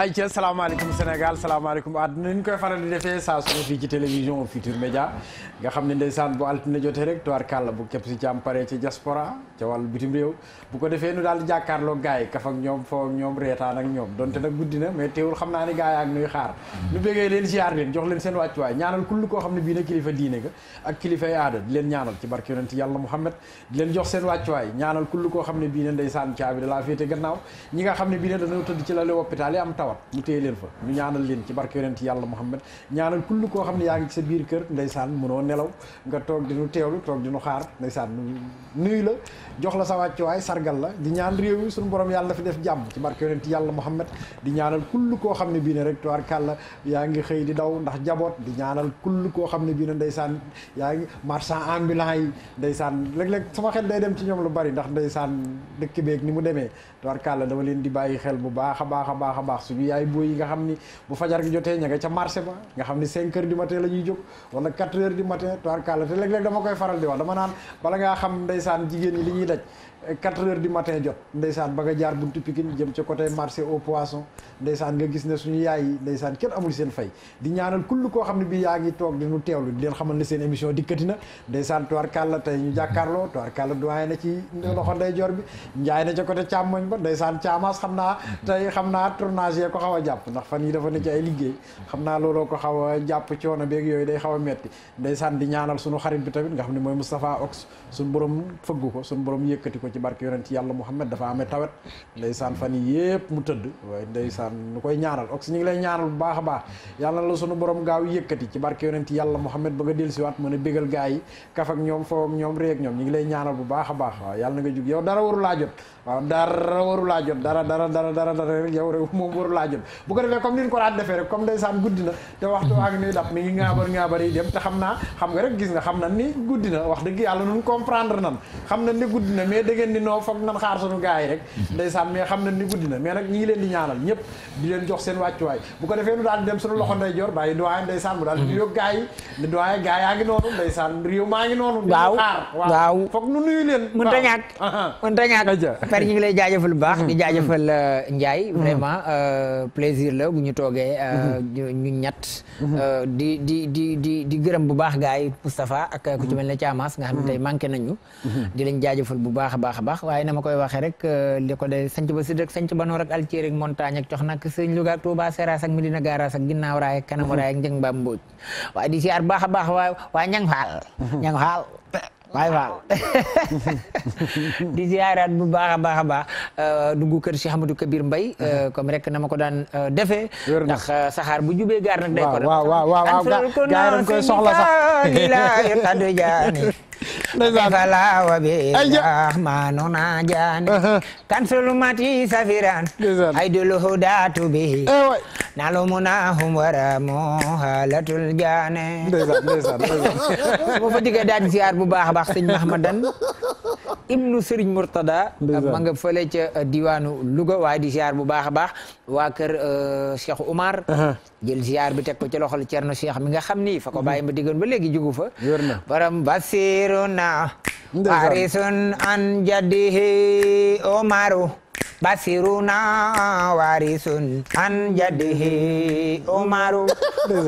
ay ca salaamaaleykum Sénégal salaamaaleykum àdduna ni ñu koy faral di defee saa su fii ci télévision Futurs Médias nga xam ne ndeysaan bu altine jotee rek tuwaar kàlla bu képp si jàmm pare ca diaspora ca wàllu bitim réew bu ko defee nu daal di jàkkaarloog gars yi kaf ak ñoom foo ak ñoom reetaan ak ñoom donte nag guddi na mais teewul xam naa ne gars yi ak nuy xaar nu bégee leen ziar leen jox leen seen wàccuwaay ñaanal kullu koo xam ne bii na kilifa diine ga ak kilifay aada di leen ñaanal ci barke koo xam ne ne ndeysaan caabi da laa féete gannaaw ñi tawat ñu téye leen fa ñu ñaanal leen ci barke yonent yàlla Muhammad ñaanal kull koo xam ne yaa ngi sa biir kër ndeysaan mënoo nelaw nga toog di nu teewlu toog di nu xaar ndeysaan nuyu la jox la sa wàccuwaay sargal la di ñaan réew mi suñu borom yàlla fi def jàmm ci barke yonent yàlla Muhammad di ñaanal kull koo xam ne bii ne rek yaa ngi xëy di daw ndax jaboot di ñaanal kull koo xam ne bii ne ndeysaan yaa ngi marchand ambulant yi ndeysaan léeg-léeg sama xel day dem ci ñoom lu bari ndax ndeysaan dëkk beeg ni mu demee tuwaar kàlla dama leen di bàyyi a a a bi yaay booy yi nga xam ni bu fajar gi jotee ña ca marché ba nga xam ni 5 heures du matin la jóg wala 4 heures du matin tubaarkàlla te léeg-léeg dama koy faral di wax dama naan bala ngaa xam ndeysaan jigéen ñi li ñuy daj 4 heures du matin jot ndeysaan ba nga jaar buntu Pikine jëm ci côté marché au poisson ndeysaan nga gis ne suñu yaay yi ndeysaan kenn amul seen fay di ñaanal kul ko xamni bi yaa tok di nu tewlu di leen xamal ne seen émission dikkati na ndeysaan Touare Kalla tey ñu jakarlo tuar kala doyen na ci loxo jor bi njaay na ci côté càmmoñ ba ndeysaan chamas xamna tay xamna tournage ko xawa japp ndax fan yi dafa ne ci ay liggey xamna naa ko xawa japp jàpp coono beeg yoy day xawa metti ndeysaan di ñaanal suñu xarit bi tamit nga xamni moy mustafa Ox suñu borom feggu ko suñu borom yëkkati ko ci barke yonent yàlla Muhammad dafa amee tawet ndeysaan fan yi yëpp mu tëdd waaye ndeysaan nu koy ñaanal ox ñu ngi lay ñaanal bu baax a baax yàlla na la sunu borom gaaw yëkkati ci barke yonent yàlla Muhammad ba nga dellusiwaat mën a bégal gaa yi kaf ñoom foofu ñoom réeg ñoom ñu ngi lay ñaanal bu baax a baax waaw yàlla na nga jug yow dara waru waaw dara waru laa jot dara dara dara dara dara rek yow rek moom waru laa jot bu ko defee comme ni ñu ko daan defee rek comme ndeysaan guddi na te waxtu waa ngi nii dab mi ngi ngaabar ngaabar yi dem te xam naa xam nga rek gis nga xam na ni guddi na wax dëgg yàlla nun comprendre nan xam na ni guddi na mais dëggeen ni noo foog nan xaar sunu gars yi rek ndeysaan mais xam na ni guddi na mais nag ñi ngi leen di ñaanal ñëpp di leen jox seen wàccuwaay bu ko defee nu daal dem sunu loxo nday jor bàyyi doyen ndeysaan mu daal di mm-hmm. yóg gars yi ni doyen gars yaa ngi noonu ndeysaan réew maa waaw waaw foog nu nuyu leen mën ta mën ta Babacar ñu mm-hmm. ngi lay jaajëfal bu baax di mm-hmm. uh, jaajëfal ndjay mm-hmm. vraiment uh, plaisir la bu ñu toogee uh, ñu ñatt di di di di di gërëm bu baax gaay Mustafa ak ku ci melni ne Thiamas nga xamni tay manké nañu di lañ jaajëfal bu baax baax baax waaye nama koy waxé rek liko ko de ba Sud ak ba nor ak altiere ak montagne ak cox nak sëñ Louga ak Touba Seras ak Medina Garas ak ginnaw raay ak kanam raay ak njëng mbaam mbooj di ziar baax baax waa waa ñang xaal ñang xaal Baay Faal di ziaraat bu baax a baax a baax euh, dugg kër Cheikh Amadou Kabir Mbaye mhm. euh, comme rekk na ma ko daan euh, defee ndax saxaar bu jubee gaar nag day ko waaw waaw waaw waaw koy soxla sax fala wa bi rahmanu najani uh-huh. kansulmati safiran aydul hudatu bihi eh, nalumunahum waramu halatul jane bu fa digga daal ziar Mahmadan ibnu Serigne Mourtada ma nga fële ca euh, diwaanu Louga waaye di ziar bu baax a baax waa kër euh, Cheikh Oumar jël ziar bi teg ko ci loxol Cerno Cheikh mi nga xam ni fa ko ma diggoon ba léegi jugu fa baram basiruna arisun an jaddihi Omaru basiruna warisun an jadihi umaru di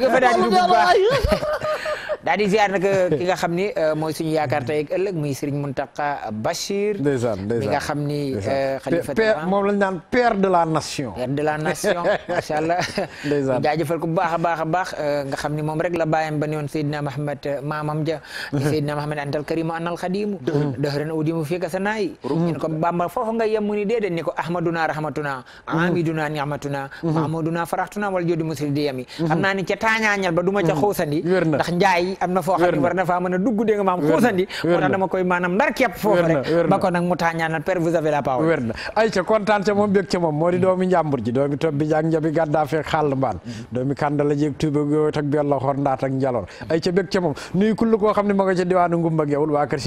ko fa daal di dugg baax daal di ziar nag ki nga xam ni mooy suñu yaakaar tey ak ëllëg muy Serigne Mountakha Bachir ndeysaan ndeysaan mi nga xam ni xalifa moom lañ naan père de la nation père de la nation macha allah ndeysaan jaajëfal ko bu baax a baax a baax nga xam ni moom rek la bàyyam ba newoon Seydina Mahamad maamam ja Seydina Mahamad antal karimu anal xadimu dëhran audimu fii ka sa ñu ko bamba foofu nga yem mu ni déedéet ni ko ahmaduna rahmatuna mhm. amiduna ni'matuna mhm. mahmuduna faraxtuna wala joodu musil di yami mhm. xam naa ni ca taañaañal ba du ma ca xuusandi ndax njaay am na foo xam ne war na faa mën a dugg dégg nga maam xuusandi moo tax dama koy maanaam ndar képp foofu rek ba ko nag mu taañaanal père vous avez la parole wér na ay ca kontaan ca moom bég doomi njàmbur doomi tob bi njabi gàddaa fee mbaan doomi kàndala jeeg tuuba gooy tak bello xor ndaat ak njaloor ay ca bég ca moom nuyu kull koo xam ne ma nga ca diwaanu ngumba gewul waa kër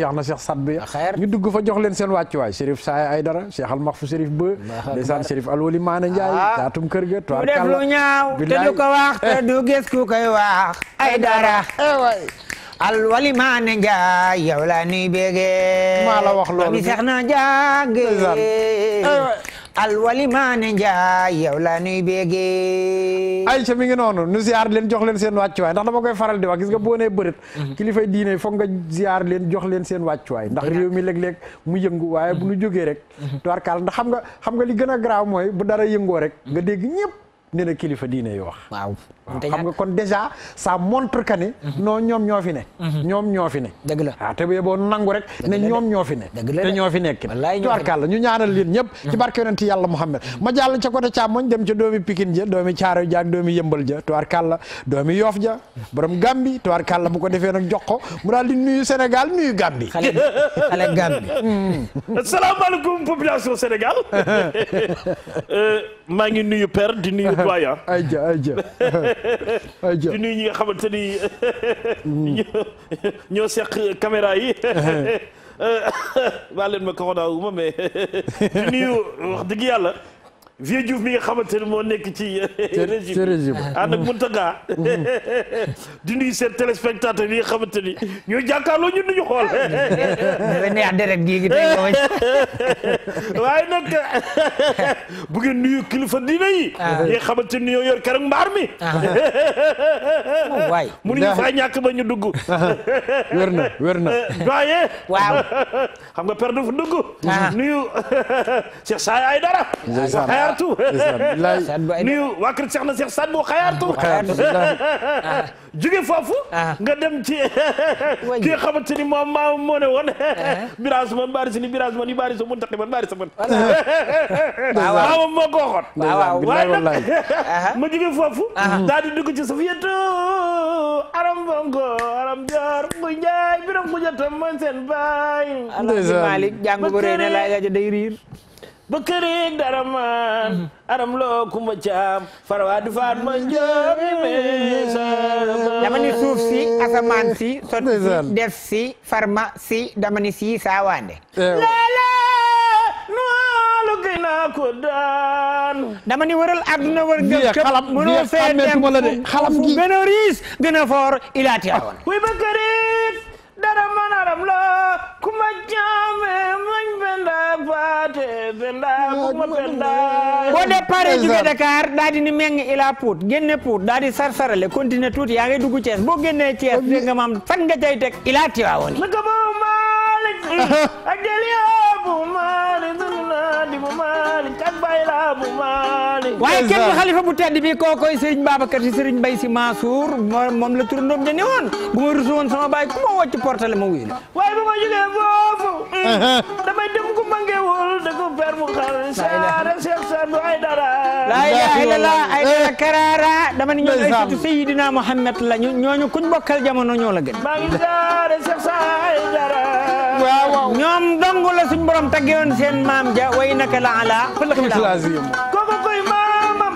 Cheikh almaxfu Chérif Ba ndeysaan Chérif Alwali Maana Ndiaye daatum ah. kër ga toir def lu ñaaw te du ko wax te du gis ku koy wax ay dara eh alwali Maana Ndiaye yow laa nuy bége maa la wax loolu mi sax na jànge alwali maane njaay yow laa nuy béegee ay ca mi ngi noonu nu ziar leen jox leen seen wàccuwaay ndax dama koy faral di wax gis nga boo nee bërët mhm. kilifay diine foog nga ziar leen jox leen seen wàccuwaay ndax réew mi léeg-léeg mu yëngu waaye bu nu mhm. jógee rek mhm. tubarkaal ndax xam nga xam nga li gën a garaaw mooy bu dara yëngoo rek nga dégg ñëpp nee kilifa diine yi wax waaw xam nga kon déjà ça montre que ni mhm. non ñoom ñoo fi ne mhm. ñoom ñoo fi ne dëgg la waaw ah, te bu yeboo nangu rek ñoom ñoo fi ne te ñoo fi nekk tubaarkàlla ñu ñaanal leen ñëpp ci mhm. barke yonent yàlla Muhammad ma jàll ca côté càmmoñ dem ca doomi Pikine ja doomi Caaro ja ak doomi Yëmbal ja tubaarkàlla doomi Yoof ja borom Gambi tubaarkàlla bu ko defee nag jox ko mu daal di nuyu Sénégal nuyu Gambi xale Gambi mm. asalaamaaleykum population Sénégal euh, maa ngi nuyu père di nuyu doyen ay ja ay di nuyu ñi nga xamante ni ñoo seq caméra yi. baal leen ma kaw naa wu ma mais di nuyu wax dëgg yàlla. vieux Diouf mi nga xamante ne moo nekk ci régime ànd ak Mountaga di nuyu seen téléspectateur yi nga xamante ni ñooy jàkkaarloo ñun ñu xool neex deret gi gi tey waaye nag bu ngeen nuyu kilifa dina yi ah. yi nga xamante ni ñoo yor keroog mbaar mi ah. oh, waay faa ñàkk ba ñu dugg wér na wér na doye waaw nga per dafa dugg ah. nuyu xayaartu nuyu waa kër Cheikh na Cheikh Saad bu xayaartu jóge foofu ah. nga dem ci ki nga xamante ni moom maa moo ne woon ah. biraas man baari ni biraas man yu baari sa mun man baari man maa moom moo ko waxoon waaye nag ma jóge foofu ah. daal di dugg ci safiyatu aram bongo aram joor bu njaay biram bu jatam mooy seen baay Malik jàng bu rëy ne laaj ba kërig dara man mm-hmm. aram loo kumba caam farawaat di faat ma njoomi meesa si asamaan si farma si dama si saawaande laala nuwalu gay naa daan dama ni waral àdduna war gëp këp mënoo fee dem fu gën a riis foor ilaa teewoon kuy ba dara manaram la kuma jaame mañ benda faate benda kuma benda boo dee pare jóge Dakar daa di ni meng ila Pout génne Pout daa sarsarale continuer tuuti yaa ngi dugg Thiès boo génnee Thiès dégg nga maam fan nga cay teg ila Tiwaawoon mumali mumali cat bay la mumali waaye kenn xalifa bu tedd bi koo koy sëriñ Babacar si sëriñ Mbay si Mansour moom la turandoom ja ne bu ma rusu woon sama baay ku ma woo ci portale ma wuyu la waaye ba ma jógee foofu damay dem ku mangewul dëgg per mu xar saara seex sandu ay dara laa ilaaha illallaah ay eh. dara karaara dama ni ñoo ay sutu Muhammad la ñu ñooñu kuñ bokkal jamono ñoo gën maa ngi saara seex sa ay dara ñoom dong la suñ borom taggewoon seen maam ja way naka la ala kooku koy maamam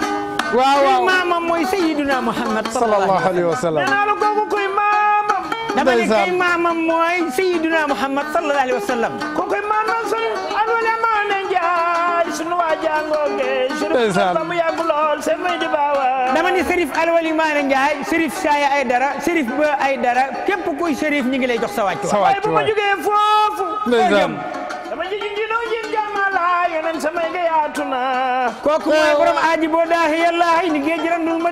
waaw waaw maamam mooy sayyiduna Muhammad sallallahu alayhi wa sallam nee naa la kooku koy maamam dama ne koy maamam mooy sayyiduna Muhammad sallallahu alayhi wa sallam kooku koy maamam sun alwala maana njaay sunu waa jàngooge sunu bamu yàgg lool seen may di baawa dama ne Serif Alwali Maana Njaay Serif Saaya Aydara Serif Ba Aydara képp kuy Serif ñu ngi lay jox sa wàcc waaye bu ma jógee foo ndeysaan dama jigi nginoo njin jàmma laa yeneen samay nga yaatu na kooku mooy borom aaji boo daahi yàllaahi ni géej randul ma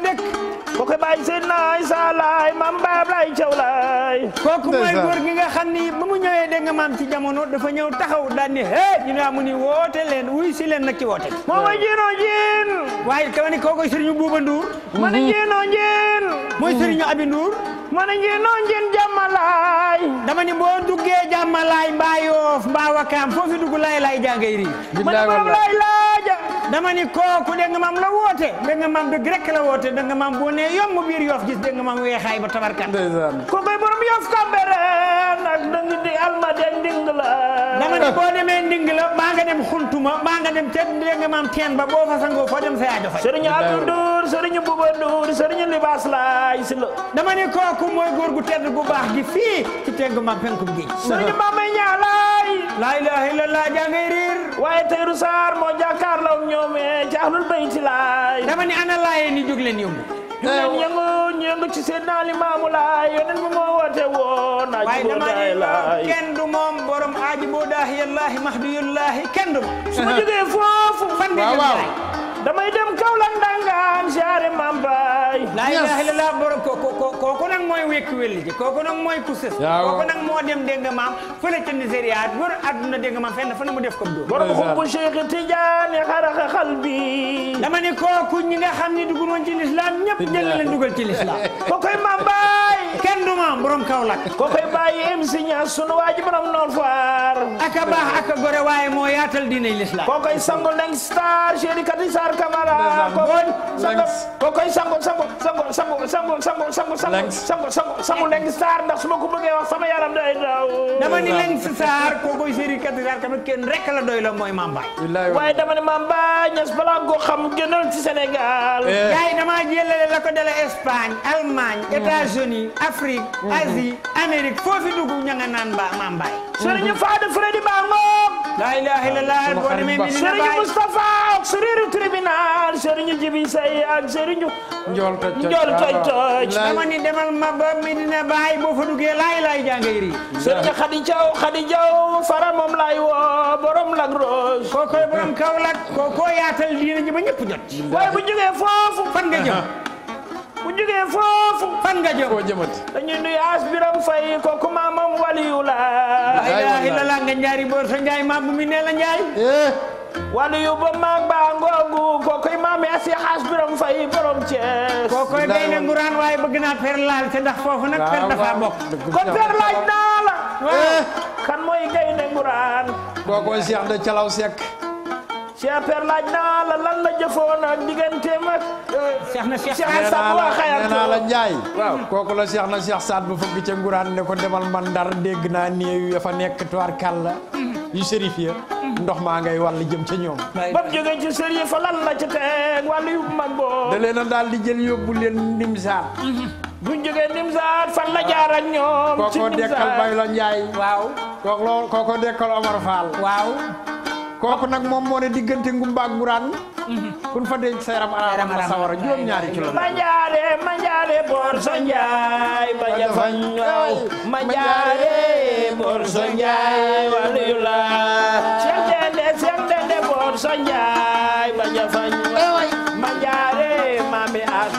kooku bàyyi seen naay saa laay maam baab laay caw laay kooku mooy góor gi nga xam ni ba mu ñëwee dégg nga maam ci jamono dafa ñëw taxaw daan ni hee ñu ne amu ni woote leen wuy si leen nag ci woote bi moo ma jéenoo jéen waaye kama ni kooku sëriñu buuba nduur ma ne jéenoo mooy sëriñu mhm. abi nduur ma ne jéenoo jéen jàmmalaay dama ni boo duggee jàmmalaay mbaa yoof mbaa wakaam foofu dugg laay laay jàngay rii ma ne laay laaja dama ni kooku de nga mam la wote de nga mam dëgg rek la wote de nga mam boo nee yomb mu biir yoof gis de nga mam weexaay ba tabarkat ko koy borom yoof nak de ngi di alma de nding la dama ni boo demee nding la baa nga dem khuntuma baa nga dem te de nga mam teen ba bo fa sango foo dem say yaajo serigne Abdou Ndour serigne Bouba Ndour serigne libas la si la dama ni kooku moy gor gu tedd gu bax gi fi ci teggu maam penku bi géej sëriñ Mame laa ilaaha illallah jaa ngay riir waaye Tahirou Sarr moo jàkkaarloo ak ñoom ci ahlul bayti laay dama ni ana laayee ni jóg leen yëngu ñu yëngu ñu yëngu ci seen naa limaamu laay yonent bi moo woote woon waaye dama ni kenn du ma jógee foofu fan di jëm damay dem Kaolack ndangaan siyaare Maam Baay la ilaha illallah borom kooku nag mooy wekki weli ji kooku mooy kusës kooku nag moo dem dégg nga maam fële ca Nigéria wër adduna dégg nga maam fenn fa na mu def ko dóor borom xubbu Cheikh Tidiane xaraxa xal bi dama ne kooku ñi nga xam ne dugg woon ci l'islam ñëpp jël dugal ci l'islam kookoy Maam Baay moom borom Kaolack ko koy bàyyi MC Niass sunu waaji borom noor faar aka baax aka gore waaye moo yaatal diinay l'islam ko koy sango leng star chéri kati kamara ko koy sango sango sango sango sango sango sango sango sango sango star ndax ko wax sama yaram day daw dama ni leng star ko koy chéri kati kamara kenn rek la doy la mooy Mame dama ne Mame Mbaye Niass balaa xam génnal ci dama jëlale la ko Espagne Allemagne États-Unis Afrique Mm-hmm. Asie Amérique foofu dugg ña nga naan mbaa maa mbaay. Mm-hmm. Serigne Fade Freddy Bango. laa ilaaha illallaah boo demee mi dina Baay boo fa duggee laay laay jàngay ri. Serigne Khady Diaw Khady Diaw fara moom laay woo borom Lac Rose. kookooy borom Kaolack kookoo yaatal diina ji ba jot. waaye bu jógee foofu fan nga jëm. bu jógee foofu fan nga jëm foo jëmati dañuy nuyu as fay ko ku maamam waliyu ilaha illallah nga ñaari boor sa njaay maam mi nee la waliyu ba maag ba ngoogu kookoy maami asi xaas fay borom bëgg laal ndax dafa laaj la kan mooy gay na nguraan kookoy Seex da calaw Cheikh Père laaj naa la lan la jëfoon digganteem ak. Euh, Cheikh na Cheikh Saad Bou xayam nee naa Njaay. waaw kooku la Cheikh na Cheikh Saad Bou fukki ca nguraan ne ko demal man Ndar dégg naa néew ya fa nekk Touare Kalla. yu sërif ya mm-hmm. ndox maa ngay wàll jëm ca ñoom. ba mu jógee ci sërif fa lan la ca teg wàll yu mag boobu. da daal di jël yóbbu leen Nimsaat. Mm-hmm. bu ñu jógee Nimsaat fan la ñoom. ci dekkal Baylo Njaay. waaw. kooku nag moom moo ne diggante ngumba ak guraan kun fa denc sa yaram araam ma sawara ñaari kilo ma njaare ma boor so njaay boor so njaay waliyula seng dende seng dende boor so njaay ma jafañ ma njaare maami aas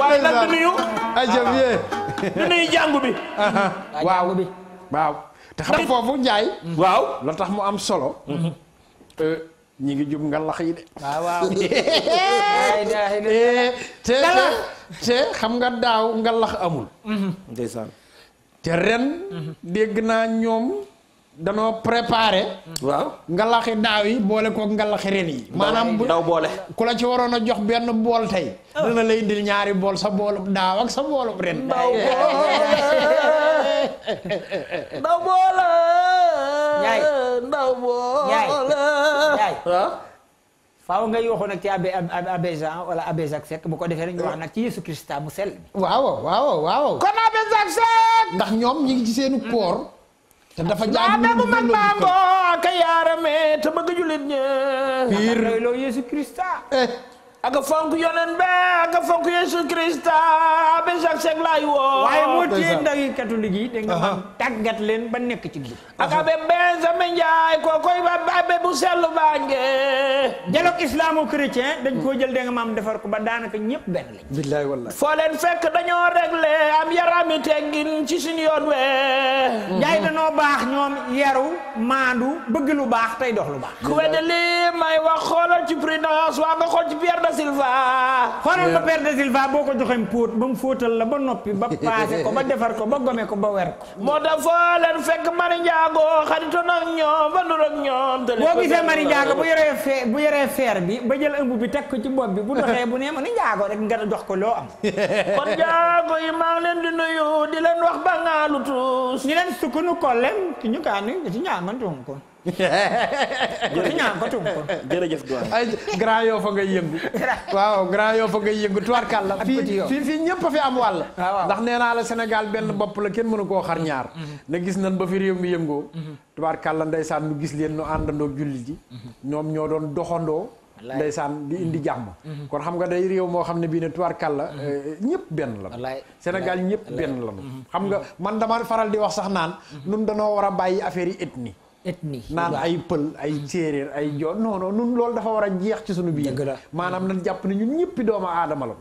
waaye nag du ay jëf yee du nuyu bi waaw waaw te xam fofu foofu waw mm-hmm. waaw tax mu am solo. Mm-hmm. Euh, ñi ngi jub ngalax yi de. waw waaw. Eh, te te xam nga daaw ngalax amul. Mm-hmm. ndeysaan. te ren. deg na ñom dano préparé. waaw ngalaxi daw yi boole koog ngalaxi ren yi. manam daw bolé kula ci warona jox benn bol tay oh. dana lay indil ñaari bol sa boolub daw ak sa boolub ren. ndaw boole. Ndiaye ndaw boole. nga yoo nag ci abe abe Jean wala abe Jacques Seck bu ko defee rek ñu wax nag ci Yeesu Christa mu sell. waaw waaw waaw. kon abe Jacques Seck. ndax ñoom ñi ngi ci seenu koor. te dafa jaag ñu mag baa ka yaarame te bëgg jullit ñe. pire loolu Yeesu Christa. Eh. aga fonk yonen be aga fonk yesu krista be sax sax lay wo way mo téye ndawi catholique yi de nga man tagat len ba nek ci gi aga be benjamin njaay ko koy ba be bu selu baange jelo islamu chrétien eh, dañ ko jël da nga mam defar ko ba danaka ñepp ben lañ billahi wallahi fo len fekk dañoo réglé am yarami teggin ci sun yoon we mm-hmm. da no bax ñom yeru mandu bëgg lu bax tay dox lu bax ku wédeli may wax xolal ci prudence wa nga xol ci pierre Silva xoolal ma père de Silva boo ko joxem póot ba mu fóotal la ba noppi ba paase ko ba defar ko ba gome ko ba wer ko moo tax foo leen fekk mari njaago xaritoon ak ñoom ba nur ak ñoom boo gisee mari njaago bu yoree fee bu yoree feer bi ba jël ëmb bi teg ko ci bopp bi bu doxee bu nee ma ni njaago rek nga jox ko loo am kon njaago yi maa leen di nuyu di leen wax ba ngaalu tuus ñi leen sukkandu kollem ki ñu kaa nuyu ci ñaamantoon ko ñaam jërëjëf doyen ay grand yoo fa ngay yëngu waaw fii ñëpp fi am wàll ah, ndax nee naa la benn bopp la kenn mënu koo xar ñaar mhm. mhm. na gis nañ ba fi réew yëngoo mhm. tuwaarkal la ndeysaan gis leen nu àndandoo julli ñoom ñoo doon doxandoo ndeysaan di indi jàmm kon xam nga day réew moo xam ne bii ne tuwaarkal la eh, ñëpp benn la Sénégal ñëpp benn la xam nga man dama faral di wax sax naan nun danoo war a bàyyi affaire yi ethnie ethnie naan ay pël ay séeréer ay joon non non nun loolu dafa war a jeex ci sunu biir maanaam nan jàpp ne ñun ñëppi doomu aadama la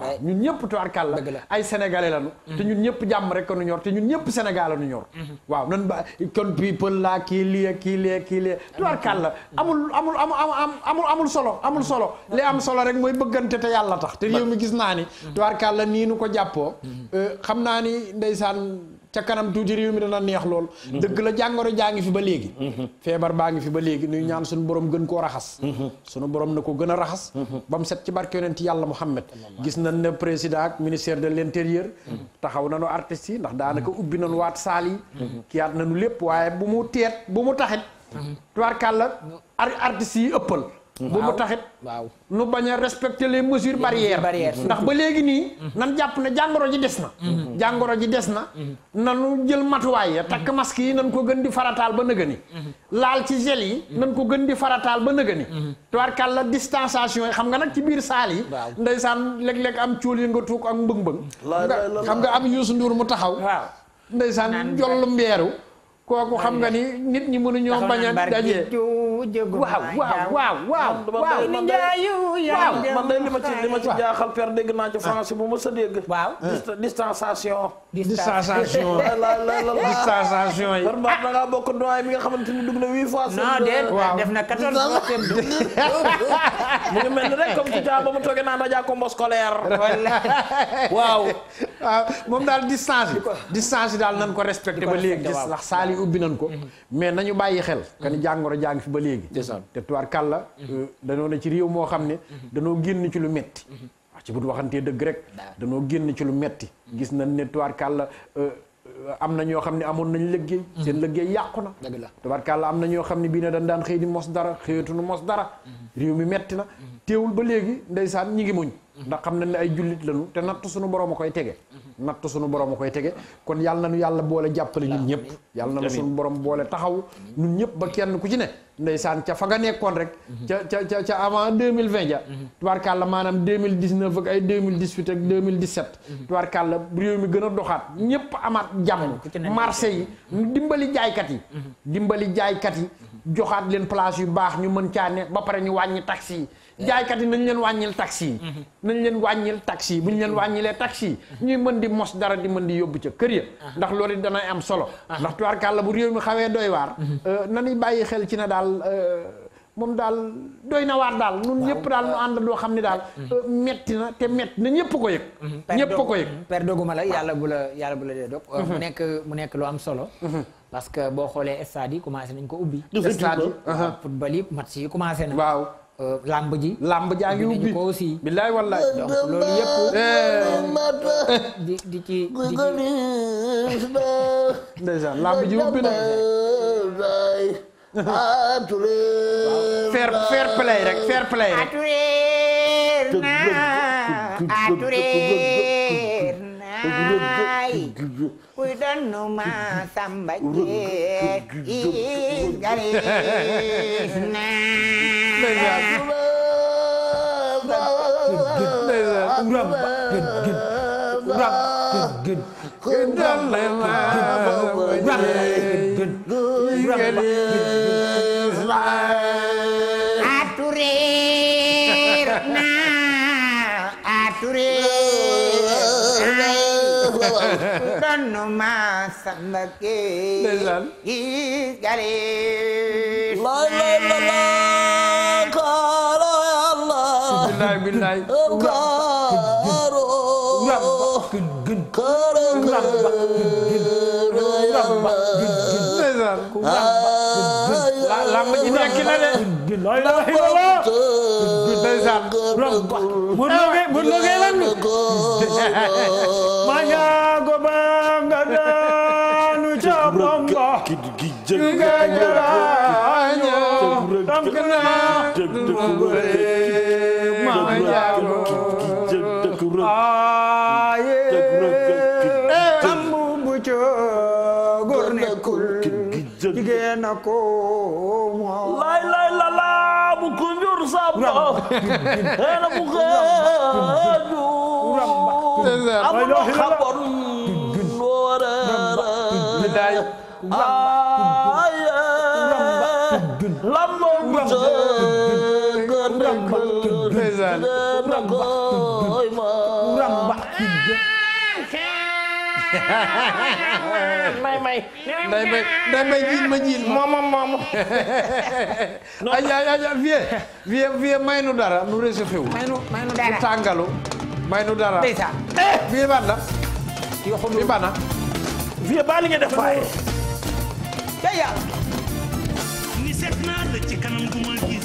waaw ñun ñëpp tuwaarkal la ay sénégalais lanu mhm. te ñun ñëpp jàmm rek nu ñor te ñun ñëpp sénégal lanu ñor mhm. waaw nan ba kon pi pël la kii lie kii lie kii lie tuwaarkal la amul amul amul amul solo amul solo li am solo rek mooy bëggante te yàlla tax te réew mi gis naa ni mhm. tuwaarkal la nii nu ko jàppoo euh, xam naa ni ndeysaan ca kanam tuuti réew mi dana neex lool. Mhm. dëgg la jàngoro jaa ngi fi ba léegi. Mhm. feebar baa ngi fi ba léegi nuy ñaan suñu boroom gën koo raxas. Mhm. suñu boroom na ko gën a raxas. ba mu set ci barke ci yàlla Muhammad gis nañ ne président ak ministère de l' intérieur. taxaw nañu artistes yi ndax daanaka ubbi na nañu waat saal yi. na nañu lépp waaye bu mu teet bu mu taxit. tubaarkàlla artistes yi ëppal. bu mu taxit waaw nu bañ a respecter les mesures barrières ndax ba léegi nii mhm. nan jàpp ne jàngoro ji des na mhm. jàngoro ji des na mhm. nanu jël matuwaay ya takk masque yi nan ko gën di farataal ba nëgëni laal ci gel yi nan ko gën di farataal ba nëgëni tubaarkàl la distanciation yi xam nga nag ci biir saal yi ndeysaan léeg-léeg am cuul yi nga tuuk ak mbëng-mbëng xam nga am Youssou Ndour mu taxaw waaw ndeysaan jollu mbeeru kooku xam nga ni nit ñi mënuñoo bañ a dajee waaw waaw waaw waaw waaw man de li ma ci li ma ci jaaxal per dégg naa ci ah. bu ma sa dégg waaw distanciation distanciation distanciation yi par baax da ngaa bokk doyen mi nga xamante ni dugg na huit fois non déet def mu ngi mel ni rek comme Kouthia ba mu toogee naan rajo combo scolaire. waaw. waaw moom daal distance yi. distance yi daal nañ ko respecté ba léegi. gis ndax saali ubbi nañ ko. Mhm. mais nañu bàyyi xel. que ni jàngoro jàng fi ba léegi. te tuwaar kàlla. Mhm. Euh, danoo ne ci réew moo xam ne. Mhm. danoo génn ci lu metti wax ci bu waxantee dëgg rek. danoo génn ci lu metti gis nañ ne tuwaar kàlla. Euh, Euh, am na ñoo xam ne amoon nañ liggéey mhm. seen liggéey yàqu na dëgg la tabarkàlla am na ñoo xam ne bii na dañ daan xëy di mos dara xëyatunu mos dara mhm. réew mi metti na mhm. téewul ba léegi ndeysaan ñi ngi muñ ndax xam nañ ne ay jullit lañu te natt suñu borom a koy tege natt suñu borom a koy tege kon yàlla na nu yàlla boole jàppale ñun ñëpp yàlla na nu suñu borom boole taxaw ñun ñëpp ba kenn ku ci ne ndeysaan ca fa nga nekkoon rek ca ca ca ca avant 2020 ja tubaarkàlla maanaam 2019 ak ay 2018 ak 2017 tubaarkàlla réew mi gën a doxaat ñëpp amaat jàmm marché yi mm-hmm. dimbali jaaykat yi mm-hmm. dimbali jaaykat yi mm-hmm. joxaat leen place yu baax ñu mën caa ne ba pare ñu wàññi taxi yi jaaykat yi nañ leen wàññil taxi yi mm-hmm. nañ leen wàññil taxi yi bu ñu leen mm-hmm. wàññilee taxi yi ñuy mën di mos dara di mën di yóbbu ca kër ya uh-huh. ndax loolu it danay am solo uh-huh. ndax tubaarkàlla bu réew mi xawee doy waar mm-hmm. uh, nañuy bàyyi xel ci na daal uh, moom daal doy na waar daal nun ñëpp daal nu ànd doo xam ne daal uh, metti na te metti na ñëpp ko yëg ñëpp ko yëg per doguma la yàlla bu la yàlla bu la dee dog mu nekk mu nekk lu am solo parce que boo xoolee stade yi commencé nañ ko ubbi stade uh-huh. football yi làmb ji. làmb jaa ngi ubbi ko aussi. billaay wallaay loolu yëpp. di di di ci. ndeysaan ji ubbi na. fair fair play rek fair play rek. kuy donnu ma samba jeex i gare naa ya. Urang, gen, gen. Urang, gen, gen. gen, gen. gen, gen. wallaay billaay. lamba ji nekk na de. ndeysaan. mun looge mun looge lan. ma ñaago ba nga daanu ca bongo. nga jaraañoo. donc naa. jigéen na ko moom. lay lay la la bu ko njur sa bopp. xeena bu xeeju. amul loo xamoon. wóoree. ayé. lan moo kurang kurang kurang bakin mày mày đây mày đây mày nhìn mày nhìn mò mò mò mò ai ai ai via via via mày nó đara nó rơi xuống mày nó mày nó đara tangalo mày nó đara đây sao via bạn đó via bạn đó via bạn à? nghe được phải cái gì ni set na de chikanam kuma kis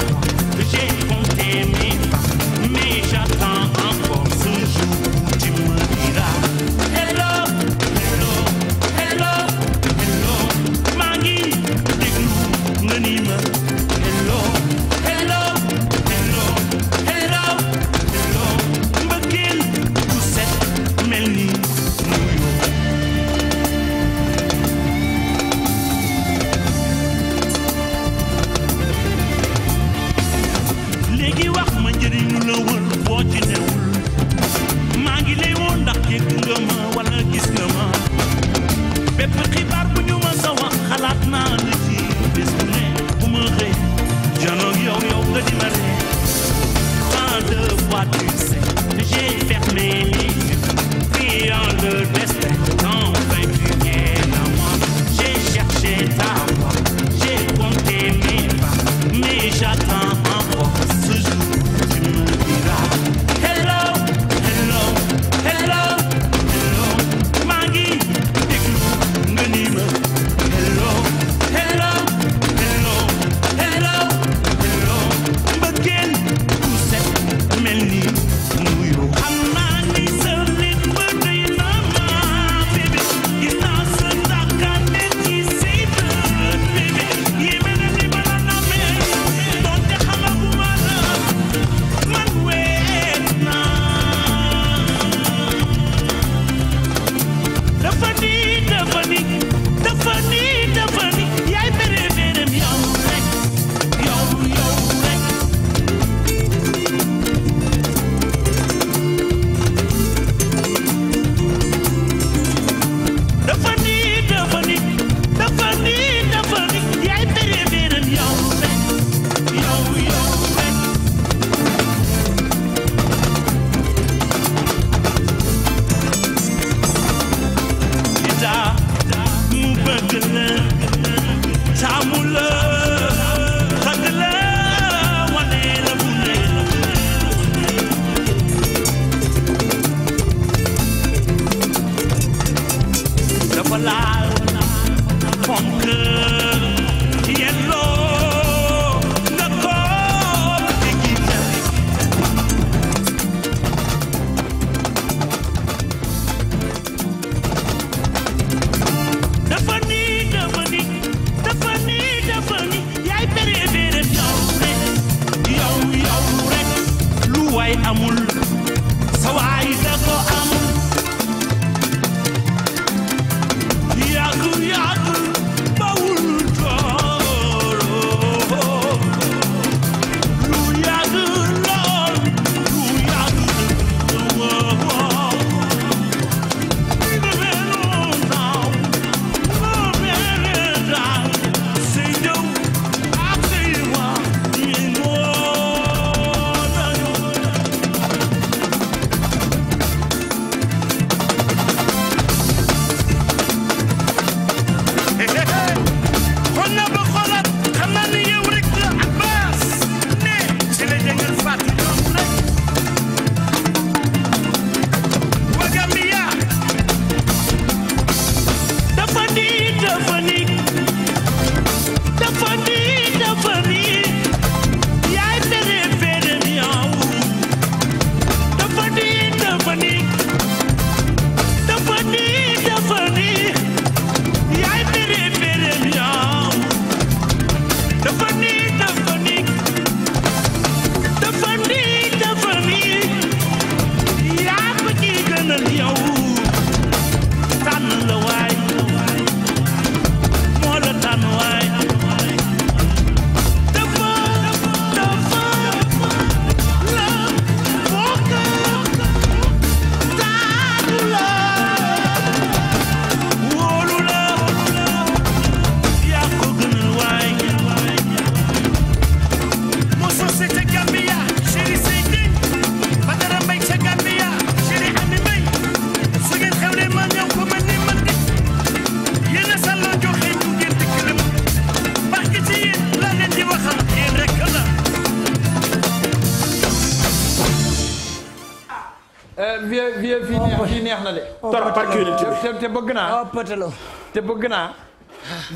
te bëgg naa oh, pëtalo te bëgg naa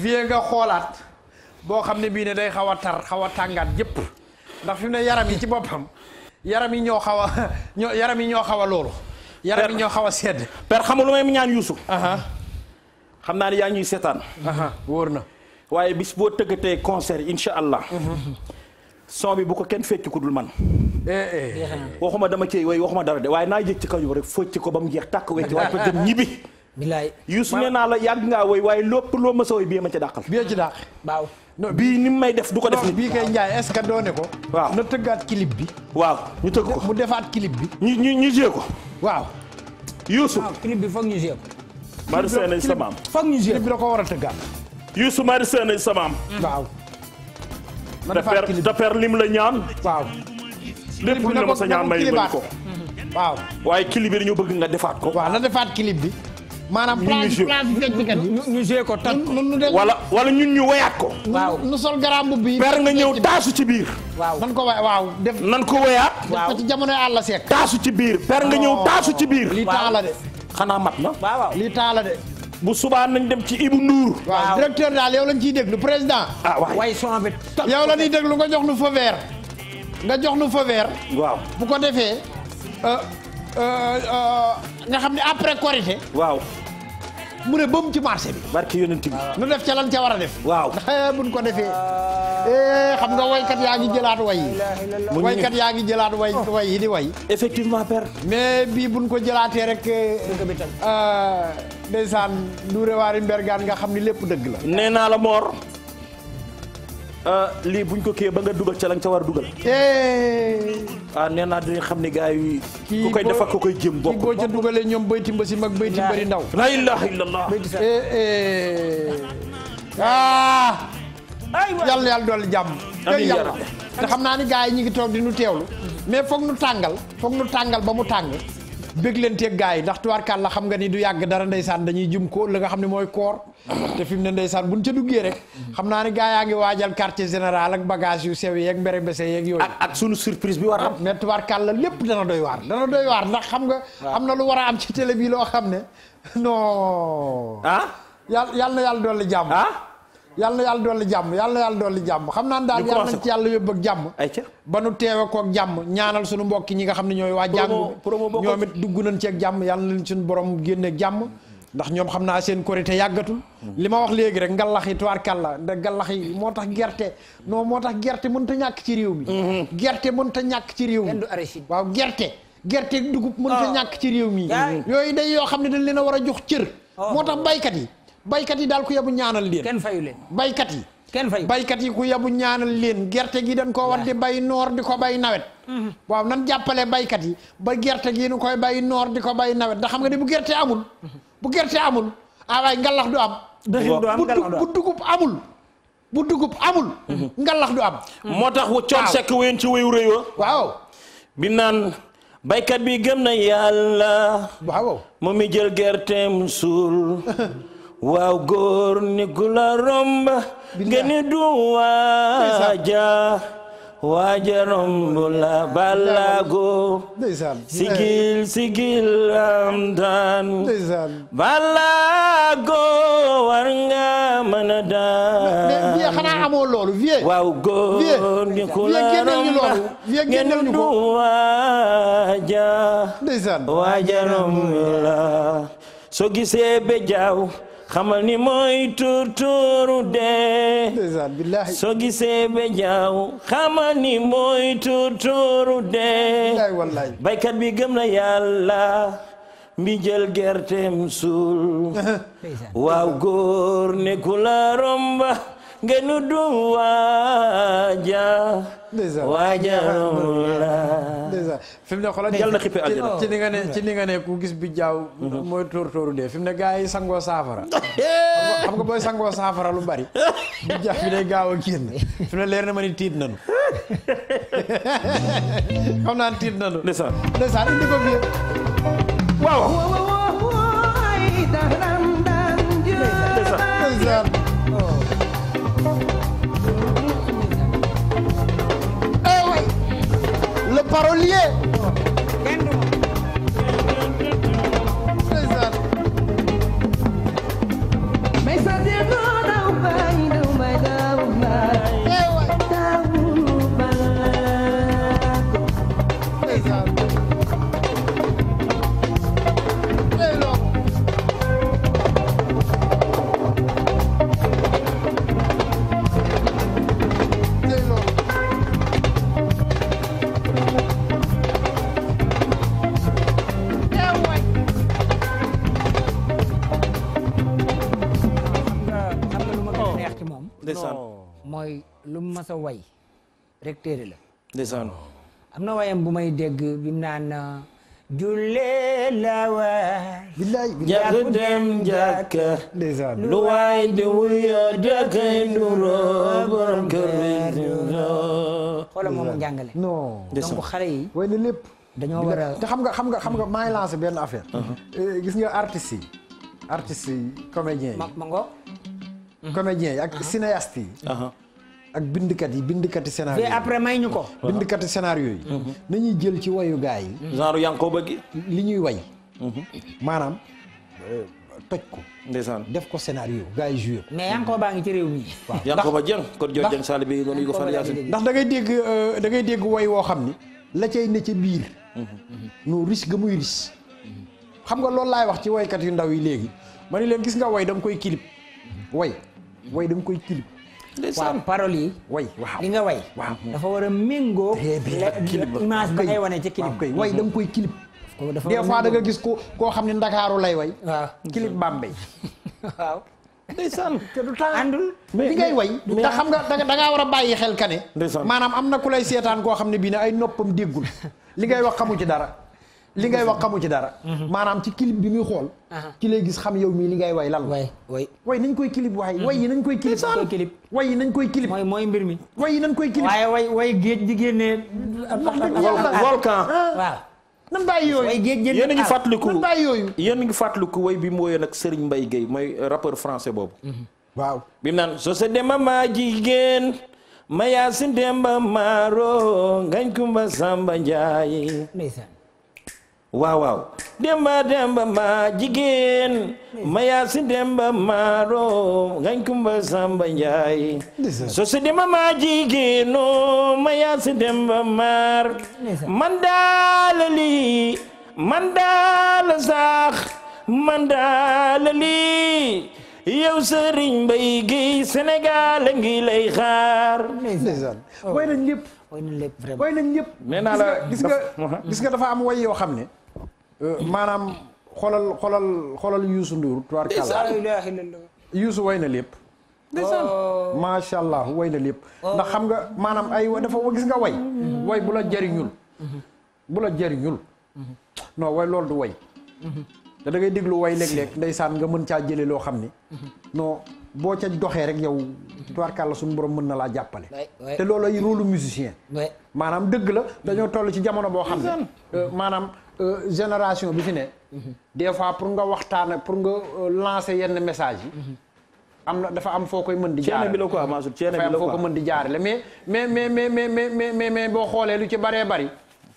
vie nga xoolaat boo xam ne bii ne day xaw a tar xaw a tàngaat yëpp ndax fi mu ne yaram yi ci boppam yaram yi ñoo xaw a ñoo yaram yi ñoo xaw a loolu yaram yi ñoo xaw a sedd père xamul lu may ñaan yuusu xam naa ni yaa ñuy seetaan wóor na waaye bis boo tëggatee concert insha allah son bi bu ko kenn fecc ku dul man eh, eh. waxuma dama ci way waxuma dara de waaye naa jëg ci kaw rek fecc ko ba mu jeex tàkk wecc waaye ko ñibbi bilaay Youssou nee naa la yàgg ngaa woy waaye lépp loo mës a woy bii ma ci dàqal. bii ci dàq waaw. non bii ni may def du ko def nit bii kay Ndiaye est-ce que doone ko. waaw na tëggaat clip bi. waaw ñu tëgg ko mu defaat clip bi. ñu ñu ñu ko. waaw. Youssou waaw clip bi foog ñu jiyee ko. mari seenañ sa maam bi ko war a tëggaat. Youssou mari seenañ sa maam. Mm. waaw. na defaat clip bi te per la ñaan. waaw. lépp lu la ma sa ñaan may bañ ko. Mm-hmm. waaw. waaye clip bi dañu bëgg nga defaat ko. waaw na defaat clip bi. maanaam plan plan bi fekk bi kat ñu ko tan wala wala ñun ñu wayaat ko waaw nu sol garam bu bi per nga ñëw taasu ci biir waaw nan ko way waaw def nan ko wayaat def ko ci jamono àlla seek taasu ci biir per nga ñëw taasu ci biir lii taala de xanaa mat na waaw lii taala de bu subaa nañ dem ci Ibou Ndour waaw directeur daal yow lañ ciy déglu président ah waay sonbe yow la ñuy déglu nga jox nu feu vert nga jox nu feu vert waaw bu ko defee euh, Euh, euh, nga xam ne après Korité. waaw. mu ne bëm ci marché bi. barke yonent bi. nu def ca lan ca war a def. waaw eh, buñ ko defee. Eh, xam nga waykat yaa ngi jëlaat way yi. mu yaa ngi jëlaat way oh. way yi di way. effectivement père. mais bii buñ ko jëlaatee rek. Eh, euh, ndeysaan Ndouré Wari Mbergane nga xam ni lépp dëgg la. nee naa la moor Ah, lii buñ ko kii ba nga dugal ca la ca war a dugal. ah nee naa dañuy xam ne gars yi. ku koy def ak ku koy jëm bokk boo ca dugalee ñoom béyti mbasi mag béyti bari ndaw. la ilaha illallah. Eh, eh. ah. aywa yàlla yàlla dolli jàmm. te xam naa ni gars yi ñu ngi toog di nu teewlu. mais foog nu tàngal. foog nu tàngal ba mu tàng. beglenté gaay teeg gars yi ndax tuwaarkaal la xam nga ni du yag dara ndaysan dañuy jum ko la nga xamni moy koor te fim ne ndaysan buñ ci duggé rek xam naa ne gars yaa ngi waajal quartier général ak bagage yu sew yek mbéré mbese yek yoy ak suñu surprise bi war am mais tuwaarkaal la lepp dana doy war dana doy war ndax xam nga amna lu wara am ci télé bi lo xamné ne non ah yalla yalla na yàlla dolli ah yàlla yàlla dolli jàmm yàlla yàlla dolli jàmm xam naa daal yàlla nañ ci yàlla yóbbu ak jàmm ba nu teewe koog jàmm ñaanal suñu mbokki ñi nga xam ne ñooy waa jàng ñoom it dugg nañ ci ak jàmm yàlla nañ suñu borom génne jàmm ndax ñoom xam naa seen korité yàggatul li ma wax léegi rek ngalax yi tuwaar kàlla da ngalax yi moo tax gerte non moo tax gerte mënut a ñàkk ci réew mi mhm. gerte mënut a ñàkk ci réew mi waaw gerte gerte dugub mënut a ah. ñàkk ci réew mi yooyu day yoo xam ne dañ leen a war a jox cër oh. moo tax baykat yi baykat yi daal ku yabu ñaanal leen. kenn leen baykat yi. kenn fayu baykat yi ku yabu ñaanal leen gerte gi dañ koo war di bay noor di ko bay nawet. Mhm. waaw nan jàppale baykat yi ba gerte gi nu koy bay noor di ko bay nawet ndax xam nga ni bu gerte amul. bu gerte amul ah waay ngalax du am. bu dugub amul. bu dugub amul. Mhm. ngalax du mhm. moo tax wu coon sekk ween ci wéyu réew waaw bi naan baykat bi gëm na yàlla. waaw mi jël gerteem suul. waaw góor ni ku la romb nga du waaja waaja romb la sigil sigil am daan balaago war nga mën a daan xanaa amoo loolu du waaja waaja romb be jaaw xamal ni mooy tur turu soo gisee be jaaw xamal ni mooy tur turu dee. baykat bi gëm na yàlla. mi jël gerteem suul. waaw góor ne ku la romba. genudu wajah wajah dèjà fi mu ne xoolal yàlla xippee aljana ci ni nga ne ci ni nga ne ku gis bi jaw moy mhm. tor toru de fi mu ne gars yi sangoo xam nga boy sango safara lu bari bi jaw bi day gaaw a génn fi ne leer na ma ni tiit nanu xam na tiit nañu ndeysaan ndeysaan indi ko bi waaw ndeysaan parolier rek la ndeysaan amna wayam bu may dégg bim nan naan jullee la waay billaay jàkk dem jàkk ndeysaan lu way de wuyo jàkkay nduro borom kër xoola mom njàngale non donc xale yi way na lepp dañu wara a te xam nga xam nga xam nga may lancer ben affaire gis nga artiste artiste comédien yi comédiens yi ma ma ngo ak cinéastes ak bindkat yi bindkati scénario yi après may ñu ko bindkati scénario yi mhm. nañuy jël ci wayu gaa yi genre Yankooba gi li ñuy way mhm. maanaam euh, toj ko ndeysaan def ko scénario gaa yi joué ko mais baa ngi ci réew mi waaw Yankooba Dieng kon Dior Dieng Sall bi doon yu ko fal ndax da ngay dégg euh, da ngay dégg way woo xam ni la cay ne ci biir mhm. nu risque ga muy risque xam nga loolu laay wax ci waykat yu ndaw yi léegi ma ne leen gis nga way danga koy kilip woy way danga koy kilip waaw parole yi. way li nga way. waaw dafa war a méngoo. image ba ngay wane ci da koy clip. des fois da gis ko koo xam ne ndakaaru lay way. waaw clip Bambey. waaw. ndeysaan te du temps àndul. bi ngay way te xam nga da ngaa war a bàyyi xel kane. maanaam am na ku lay seetaan koo xam ne bii ne ay noppam déggul. li ngay wax xamu ci dara. li ngay wax xamu ci dara mhm. maanaam ci clip bi muy xool ci lay gis xam yow mii li ngay way lan la way way nañ koy clip waay mhm. way yi nañ koy clip clip way yi nañ koy clip mooy mooy mbir mi way yi nañ koy clip waaye way way géej di génne wax dëgg yàlla volcan ah. waaw nan ah. bàyyi yooyu yéen a ngi fàttaliku nan bàyyi yooyu yéen a ngi way bi mu woyoon ak Serigne Mbaye Gueye mooy rappeur français boobu mhm. waaw bi mu naan so sa dema maa jigéen mayaa si demba maaro ngañ kumba samba njaay waaw waaw demba demba ma jigéen ma yaasi demba maaro ngañ kumba samba njaay so demba ma jigéeno ma yaasi demba maar man daala lii man yow sëriñ mbay gi Sénégal a ngi lay xaar way nañ lépp way gis nga dafa am way yoo xam ne manam xolal xolal xolal Youssou Ndour tuwaar kàlla yusu wayna lepp lépp oh. ma sha allah wayna lepp oh. ndax xam nga manam ay dafa gis nga way way bula jariñul bula jariñul non way lol du way da ngay deglu way leg leg ndaysan nga mën ca jëlé lo xamni non ca doxé rek yow kala sun borom mën na la jappalé té loolu ay rôle musicien manam deug la dañu toll ci jamono bo xamni euh, manam Euh, génération bi fi ne. des fois pour nga waxtaan pour nga euh, lancer yenn message yi. am na dafa am foo koy mën di. jaarale bi la quoi Mansour bi la ko mën di jaarale mais mais mais mais mais mais mais boo xoolee lu ci bare bari.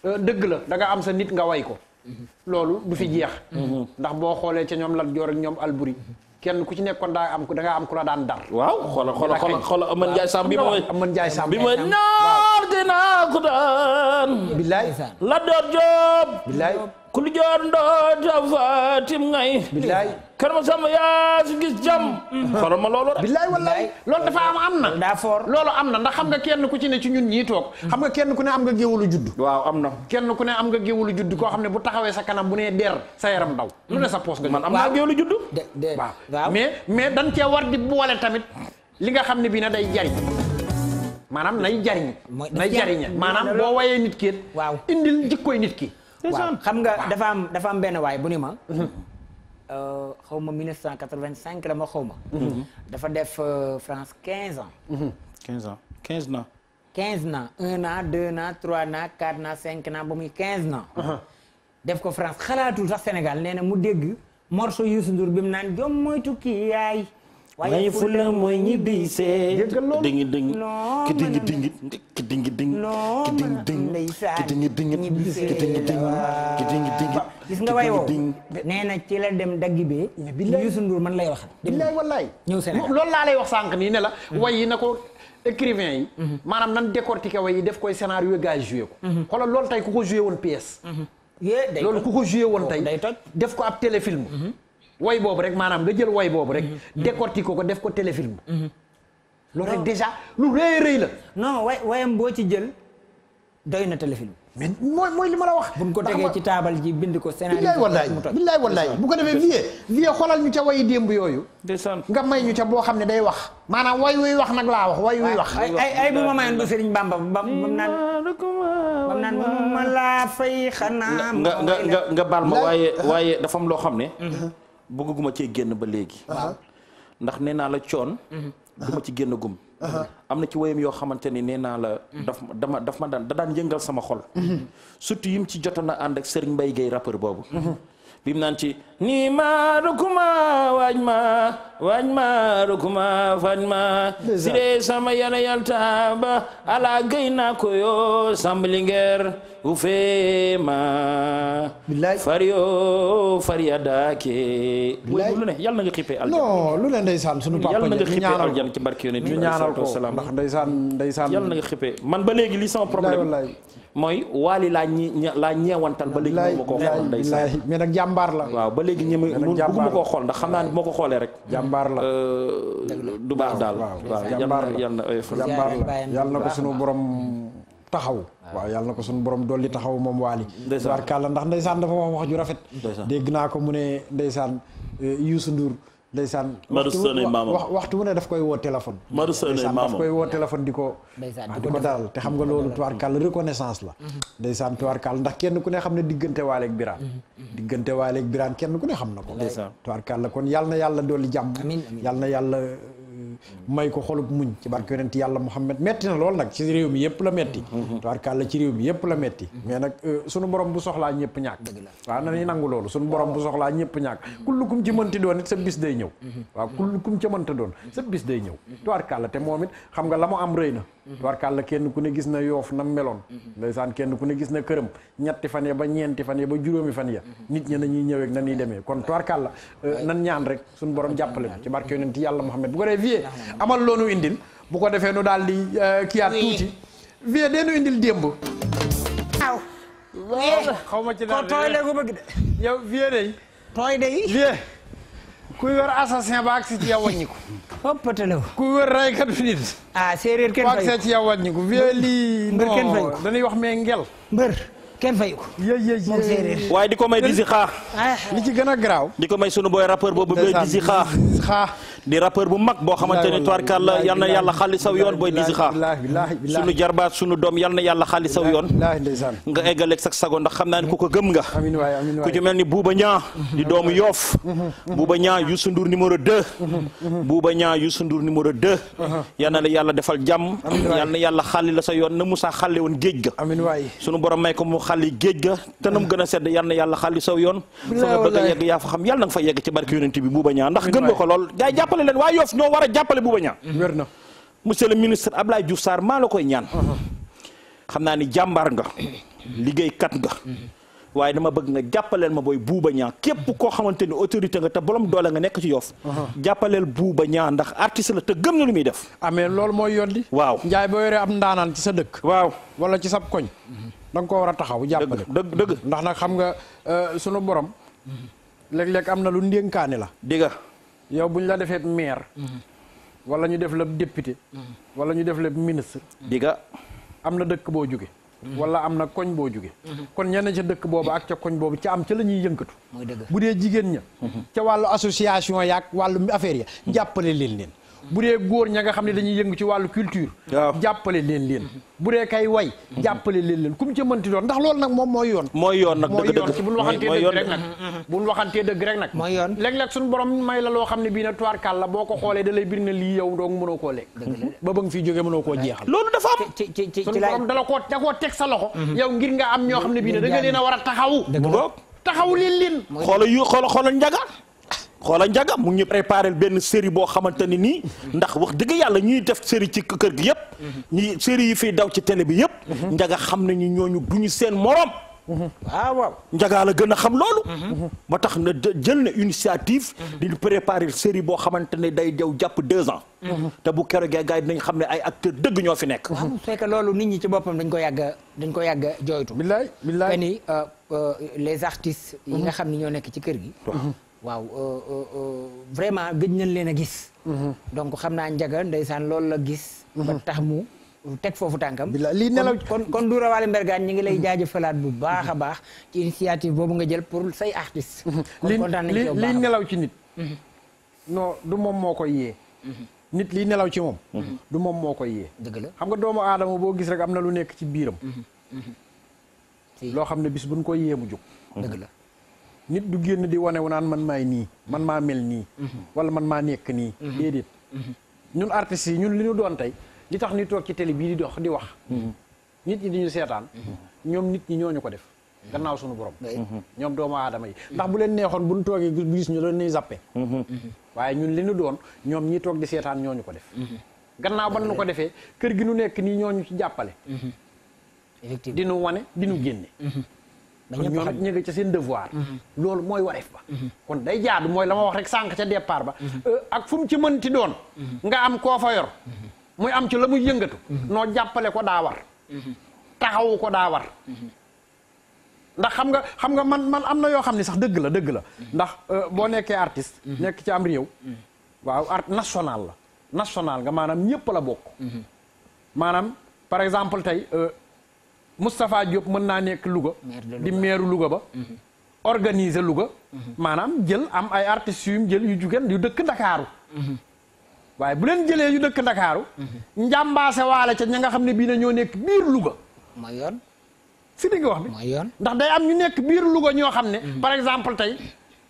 Euh, dëgg la danga am sa nit nga way ko. loolu du fi jeex. Mhm. ndax boo xoolee ci ñoom Lat Joor ak ñoom Alburi kenn ku ci nekkoon daa am da ngaa am ku la daan dar. waaw xoola xoola xoola xoola Amady Ndiaye Samb bi mooy Amady Ndiaye Samb bi mooy ñaar dinaa ko daan. bilaay la doot Joob bilaay. kul joor ndoota fatim ngay bilaay karma sama yaa su gis jam mm-hmm. xoolal ma loolu rek bilaay wallaay loolu dafa am am na daa foor am na ndax xam nga kenn ku ci ne ci ñun ñii toog mm-hmm. xam nga kenn ku ne am nga géwalu judd waaw am na kenn ku ne am nga géwalu judd koo xam ne bu taxawee sa kanam bu nee der sa yaram daw lu ne sa poos nga man am naa géwalu judd waaw mais mais dañ cee war di boole tamit li nga xam ne bii na day jariñ maanaam nay jariñ nay jariñ maanaam boo wayee nit ki waaw indil jikkoy nit ki xam nga dafa am dafa am benn waay bu ni ma mhm. euh, xaw ma 1985 la ma xaw ma mhm. dafa def euh, France 15 ans 15 mhm. ans 15 ans 15 ans 1 an 2 an 3 an ba muy 15 ans uh-huh. def ko France xalaatul sax Sénégal nee mu dégg morceau Youssou Ndour bi mu naan jom moytu yaay waaye fulla mooy ñi biisee dingi dingi ki dingi dingi ki dingi dingi ki dingi dingi ki dingi dingi ki dingi dingi gis nga way woo nee na ci la dem daggi bee Youssou Ndour man lay waxal billaay wallaay ñëw Sénégal loolu laa lay wax sànq nii ne la mm-hmm. way na ko écrivain yi mm-hmm. maanaam nan décortiquer way yi def koy scénario gars joué ko mm-hmm. xoolal loolu tey ku ko joué woon pièce loolu ku ko joué woon tey def ko ab téléfilm way boobu rek maanaam nga jël woy boobu rek. Mhm. Mhm. décortiquer ko ko def ko téléfilm. Mhm. loolu rek déjà lu rëy rëy la. non way wayam boo ci jël doy na téléfilm. mais mooy mooy li ma la wax. bu ko tegee ci taabal ji bind ko scénario. billaay wallaay billaay wallaay bu ko defee vie vie xoolal ñu ca wayi démb yooyu. nga may ñu ca boo xam ne day wax. maanaam way wuy wax nag laa wax way wuy wax. ay ay bu ma mayoon bu Serigne Bamba ba mu naan ba mu naan ma laa fay xanaa. nga nga nga baal ma waaye waaye dafa loo xam ne. bëgguma cee génn ba léegi. ndax nee naa la coon. Mhm. du ci génn gum. am na ci woyam yoo xamante ni nee naa la. Mhm. daf dama daf ma daan da daan yëngal sama xol. Mhm. surtout yim ci jotoon a ànd ak Serigne Mbaye Guèye rappeur boobu. bi mu naan ci nii ma rukuma waaj ma waaj ma rukuma faaj ma siree sama yàlla yalta ala gay naa ko yo sambilingeer u fee ma fariyo fariya daake wéy lu ne na nga xippee aljan non lu ne aljan ci barke yonent ñu ñaanal ko ndax ndeysaan ndeysaan na nga man ba léegi li sama problème mooy waali laa ñi laa ñeewantal ba léegi mënuma koo xool ndeysaan mais nag jàmbaar la ba léegi ñeme bugguma koo xool ndax xam naa ni bu ma ko xoolee rek jàmbaar la euh, du baax daal waaw jàmbaar la yàlla na yàlla na ko sunu borom taxaw waaw yàlla na ko sunu borom dolli taxaw moom waali barkàlla ndax ndeysaan dafa wax wax ju rafet dégg naa ko mu ne ndeysaan euh, Youssou Ndour ndeysaan waxtu wu ne daf koy woo téléphone woo téléphone di ko di ko dalal te xam nga loolu tubaarkàll reconnaissance la mhm. ndeysaan tubaarkàll ndax kenn ku ne xam ne diggante waaleeg biraan mhm, mhm. diggante waaleeg biraan kenn ku ne xam na ko tubaarkàll kon yàlla na yàlla dolli jàmm yàlla yàlla may ko xolub muñ ci barke yonent yàlla Muhammad metti na lool nag ci réew mi yëpp la metti tabarkàlla ci réew mi yëpp la metti mais nag euh, sunu borom bu soxlaa ñëpp ñàkk waa nañuy nangu loolu sunu borom bu soxlaa ñëpp ñàkk kullukum ci mënti doon it sa bis day ñëw waaw kullukum ci mënta doon sa bis day ñëw tabarkàlla te moom it xam nga la mu am rëy na tubarkàlla kenn ku ne gis na yoof nam meloon ndeysaan kenn ku ne gis na këram ñetti fan ya ba ñeenti fan ya ba juróomi fan ya nit ñi nañuy ñëweeg na ñuy demee kon tubarkàlla euh, nan ñaan rek suñu borom jàppale ci barke yonent yàlla Muhammad bu ko defee nu daal di euh, kiyaat tuuti vie deenu indil démb waaw xaw ko la ko bëgg de yow vie day tooy day vie kuy wër assassin ba agsi ci yow wàññiku. hoppatalaw. kuy wër raykat bi nit. ah séeréer kenn fayu ko agsi ci yow wàññiku. mbër lii non dañuy wax mais ngel. mbër kenn fayu ko. yéy moom séeréer. waaye di ko may di si xaa. Ah. li ci gën a garaaw. di ko may sunu booy rappeur boobu bee di si xaa. xaa. di rappeur bu mag bo xamanteni ni tuwarkal yalla yal na yàlla xaali saw yoon booy disixaa sunu jarbat sunu dom yal yalla xali saw yoon nga egal ak sax sago ndax xamna ni kuko gem nga ku ci melni ni nya di dom yof buuba nya Youssou Ndour numero 2 buuba nya Youssou Ndour numero 2 yal la yalla defal jam yal yalla xali la sa yoon na musa xali won geej ga sunu borom may ko mu xali geej ga tanam gëna sedd yal yalla xali saw yoon fa nga bëgg yegg ya fa xam yalla nga fa yegg ci barki yoonte bi buuba nya ndax gem nga ko lol gaay jàppal ne len waa Yoff ñoo war a jàppale Bouba Niang mm-hmm. monsieur le ministre ablaye Diouf sar ma la koy ñaan mm-hmm. xamna ni jambar nga kat nga mm-hmm. waye dama bëgg nga jàppaleel ma boy Bouba Niang képp ko xamanteni autorité nga ta borom doole nga nek ci yof jàppaleel Bouba Niang ndax artiste la te gëm na lu muy def amé ah, lool moy yoon di waaw njaay boo yoree am ndanan ci sa dëkk waw wala ci sa koñ dang ko wara taxaw jappalé dëgg dëgg ndax nak xam nga euh, suñu borom léeg-léeg amna lu ndénkaane la yow bu ñu la defee maire. Mhm. wala ñu def la député. Mhm. wala ñu def la ministre. Mhm. diga am na dëkk boo jóge wala am na koñ boo jóge kon ñenn ca dëkk boobu ak ca koñ boobu ca am ca la ñuy yënkatu. bu dee jigéen ña. ca wàllu association yaak wàllu affaire ya jàppale leen leen. bu dee góor ña nga xam ne dañuy yëngu ci wàllu culture jàppale leen leen bu dee kay way mhm. jàppale leen leen ku mu ci mënti doon ndax loolu nag moom mooy yoon mooy yoon nag dëgg mhm. Mhm. dëgg ci buñ waxantee loo xam ne bii na tuwaarkal la boo ko xoolee da lay bir na lii yow doong mënoo koo lekk ba ba fii jógee mënoo koo jeexal loolu dafa am suñu borom dala koo da teg sa loxo yow ngir nga am ñoo xam ne bii ne da nga leen a war a taxawu taxawu leen leen xoolal yu xoolal xoolal njaga xoola njaga mu ngi ñu préparé benn série boo xamante ni nii ndax wax dëgg yàlla ñuy def série ci kër gi yëpp ñi série yi fiy daw ci tele bi yëpp njaga xam nañu ñooñu duñu seen morom ah, waaw waaw la gën a xam loolu ba tax na jël na initiative di préparer série boo xamante ne day jaw jàpp deux ans te bu keroogee gars yi dinañ xam ne ay acteur dëgg ñoo fi nekk waaw ah, loolu nit ñi ci boppam dañ ko yàgga dañ ko yàgga jooytu billaay billaay ni euh, euh, les artistes yi nga xam ne ñoo nekk ci kër gi waaw euh, euh, euh, vraiment gëj nañ leen a gis. Mhm. donc xam naa njaga saan loolu la gis. Mhm. ba tax mu teg foofu tànkam. lii nelaw kon kon Doura Wale Mbergane ñi ngi lay mhm. jaajëfalaat bu baax a baax. ci initiative boobu nga jël pour say artistes. kon kontaan ci lii nelaw ci nit. non du moom moo koy yee. nit lii nelaw ci moom. du moom moo koy yee. dëgg la xam nga doomu aadama boo gis rek am na lu nekk ci biiram. loo xam ne bis buñ koy yee mu jóg. dëgg la. nit du génn di wane wu naan man maa nii man maa mel nii mhm. wala man maa nekk nii mhm. déedéet mhm. ñun artistes yi ñun li ñu doon tey li tax ñu toog ci télé bii di dox di wax nit ñi di ñu seetaan ñoom nit ñi ñooñu ko def gannaaw suñu borom ñoom doomu aadama yi ndax bu leen neexoon bu ñu toogee bu gis ñu doon ni zappe waaye ñun li doon ñoom ñi toog di seetaan ñooñu ko def gannaaw ban nu ko defee kër gi nu nekk nii ñoo ñu ci jàppale di nu wone di nu génne dañu ñoom ñu ngi ci seen devoir mhm. loolu mooy wareef ba mhm. kon day jaadu mooy la ma wax rek sànq ca départ ba mhm. euh, ak fu mu ci mënti doon nga am koo fa yor muy am ci la muy yëngatu noo jàppale ko daa war taxawu ko daa war ndax xam nga xam nga man man am na yoo xam ne sax dëgg la dëgg la ndax euh, boo nekkee artiste nekk ci am réew waaw art national la national nga maanaam ñëpp la bokk maanaam par exemple tey euh, Moustapha Diop mën naa nekk Louga di meeru Louga ba mhm. organiser Louga mhm. maanaam jël am ay artistes yum jël yu jugeen yu dëkk Ndakaaru mhm. waaye bu leen jëlee yu dëkk Ndakaaru njàmbaase waale ca ña nga xam ne bii na ñoo nekk biir Louga mooy yoon si di nga wax bi ndax day am ñu nekk biir Louga ñoo xam ne par exemple tey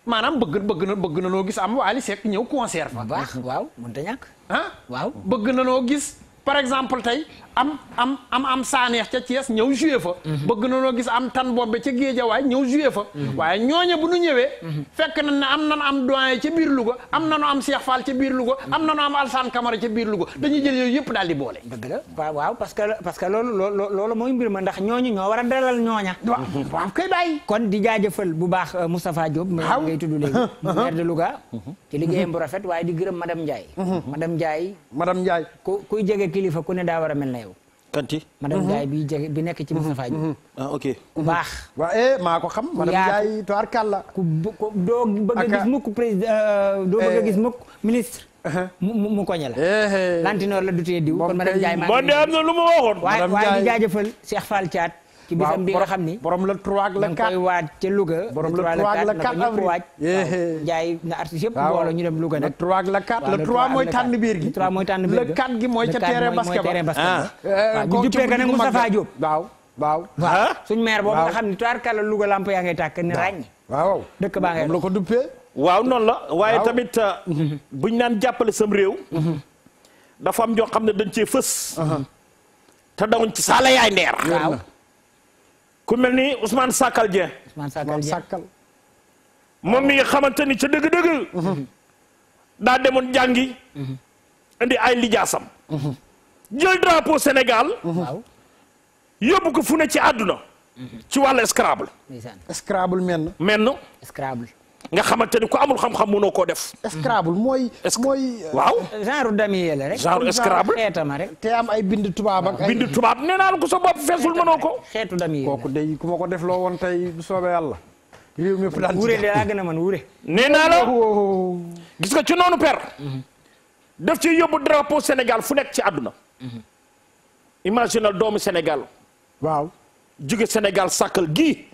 maanaam bëgg bëgg na bëgg na noo gis am Wally Seck ñëw concert fa baax waaw mënta ñàkk ah waaw bëgg na noo gis par exemple tey am am am am saaneex ca Thiès ñëw joué fa mhm. bëgg na noo gis am tan bobbe ca Géejawaay ñëw joué fa mhm. waaye ñooñe bu nu ñëwee mhm. fekk na ne am nanu am doyen ca biir Louga am nanu am Cheikh Fall ca biir Louga am nanu am Alsane Camara ca biir Louga dañuy jël yooyu yëpp daal di boole dëgg la waaw parce que parce que loolu loolu loolu mooy mbir ma ndax ñooñu ñoo war a dalal ñooña waaw koy bàyyi kon di jaajëfal bu baax euh, Moustapha Diop ma ngay tudd léegi maire de Louga ci liggéeyam bu rafet waaye di gërëm madame Ndiaye madame Ndiaye madame Ndiaye ku kuy ku ne a kanti madame mhm. Ndiaye bi jege bi nekk ci Moustapha mhm. Diop. Mhm. ah ok ku baax. waaw eh maa ko xam. madame Ndiaye tubaarkàlla. ku doo bëgg a gis mukk président euh, doo bëgg a eh. gis mukk ministre. Uh-huh. mu mu koñe la. Eh, eh. lantinoor la du tee diw. kon madame Ndiaye maa am na lu mu waxoon. madame Ndiaye waaye waaye di jaajëfal ci bisam bi nga xam borom le 3 ak le 4 koy waaj ca Louga borom le 3 ak le 4 avril waaj njaay na artiste yëpp mbooloo ñu dem Louga nag le 3 ak le 4 le 3 mooy tànn biir gi le 3 mooy tànn biir gi le 4 gi mooy ca terrain basket ba ah. eh, bu juppee ka nag Moustapha Diop waaw waaw waaw ah. suñ maire boobu nga xam ni tubaarkàlla lamp yaa ngay tàkk ni ràññ waaw dëkk baa ngay la ko duppee waaw la waaye tamit euh, buñ naan jàppale sam réew mhm. dafa am ñoo xam dañ cee fës mhm. te dawuñ ci saala yaay ndeer waaw ku mel ni Ousmane Sakal Dieng. Ousmane moom mi nga xamante ni ca dëgg-dëgg. daa demoon jàngi. indi ay lijaasam. jël drapeau Sénégal. yóbbu ko fu ne ci àdduna. ci wàll Scrabble. Scrabble menn. menn. nga xamante ni ko amul xam-xam mënoo koo def. Scrabble mooy. mooy waaw. genre damier la rek. genre Scrabble xeetama rek. te am ay bind tubaab bind tubaab nee naa la ko sa bopp feesul mënoo ko. xeetu damier la kooku ko def loo woon tey bu soobee yàlla. réew mi yëpp a mën wure. nee oh, oh, oh. gis nga ci noonu per. def ci yóbbu drapeau Sénégal fu nekk ci àdduna. imaginal doomu Sénégal. waaw jóge Sénégal sàkkal gii.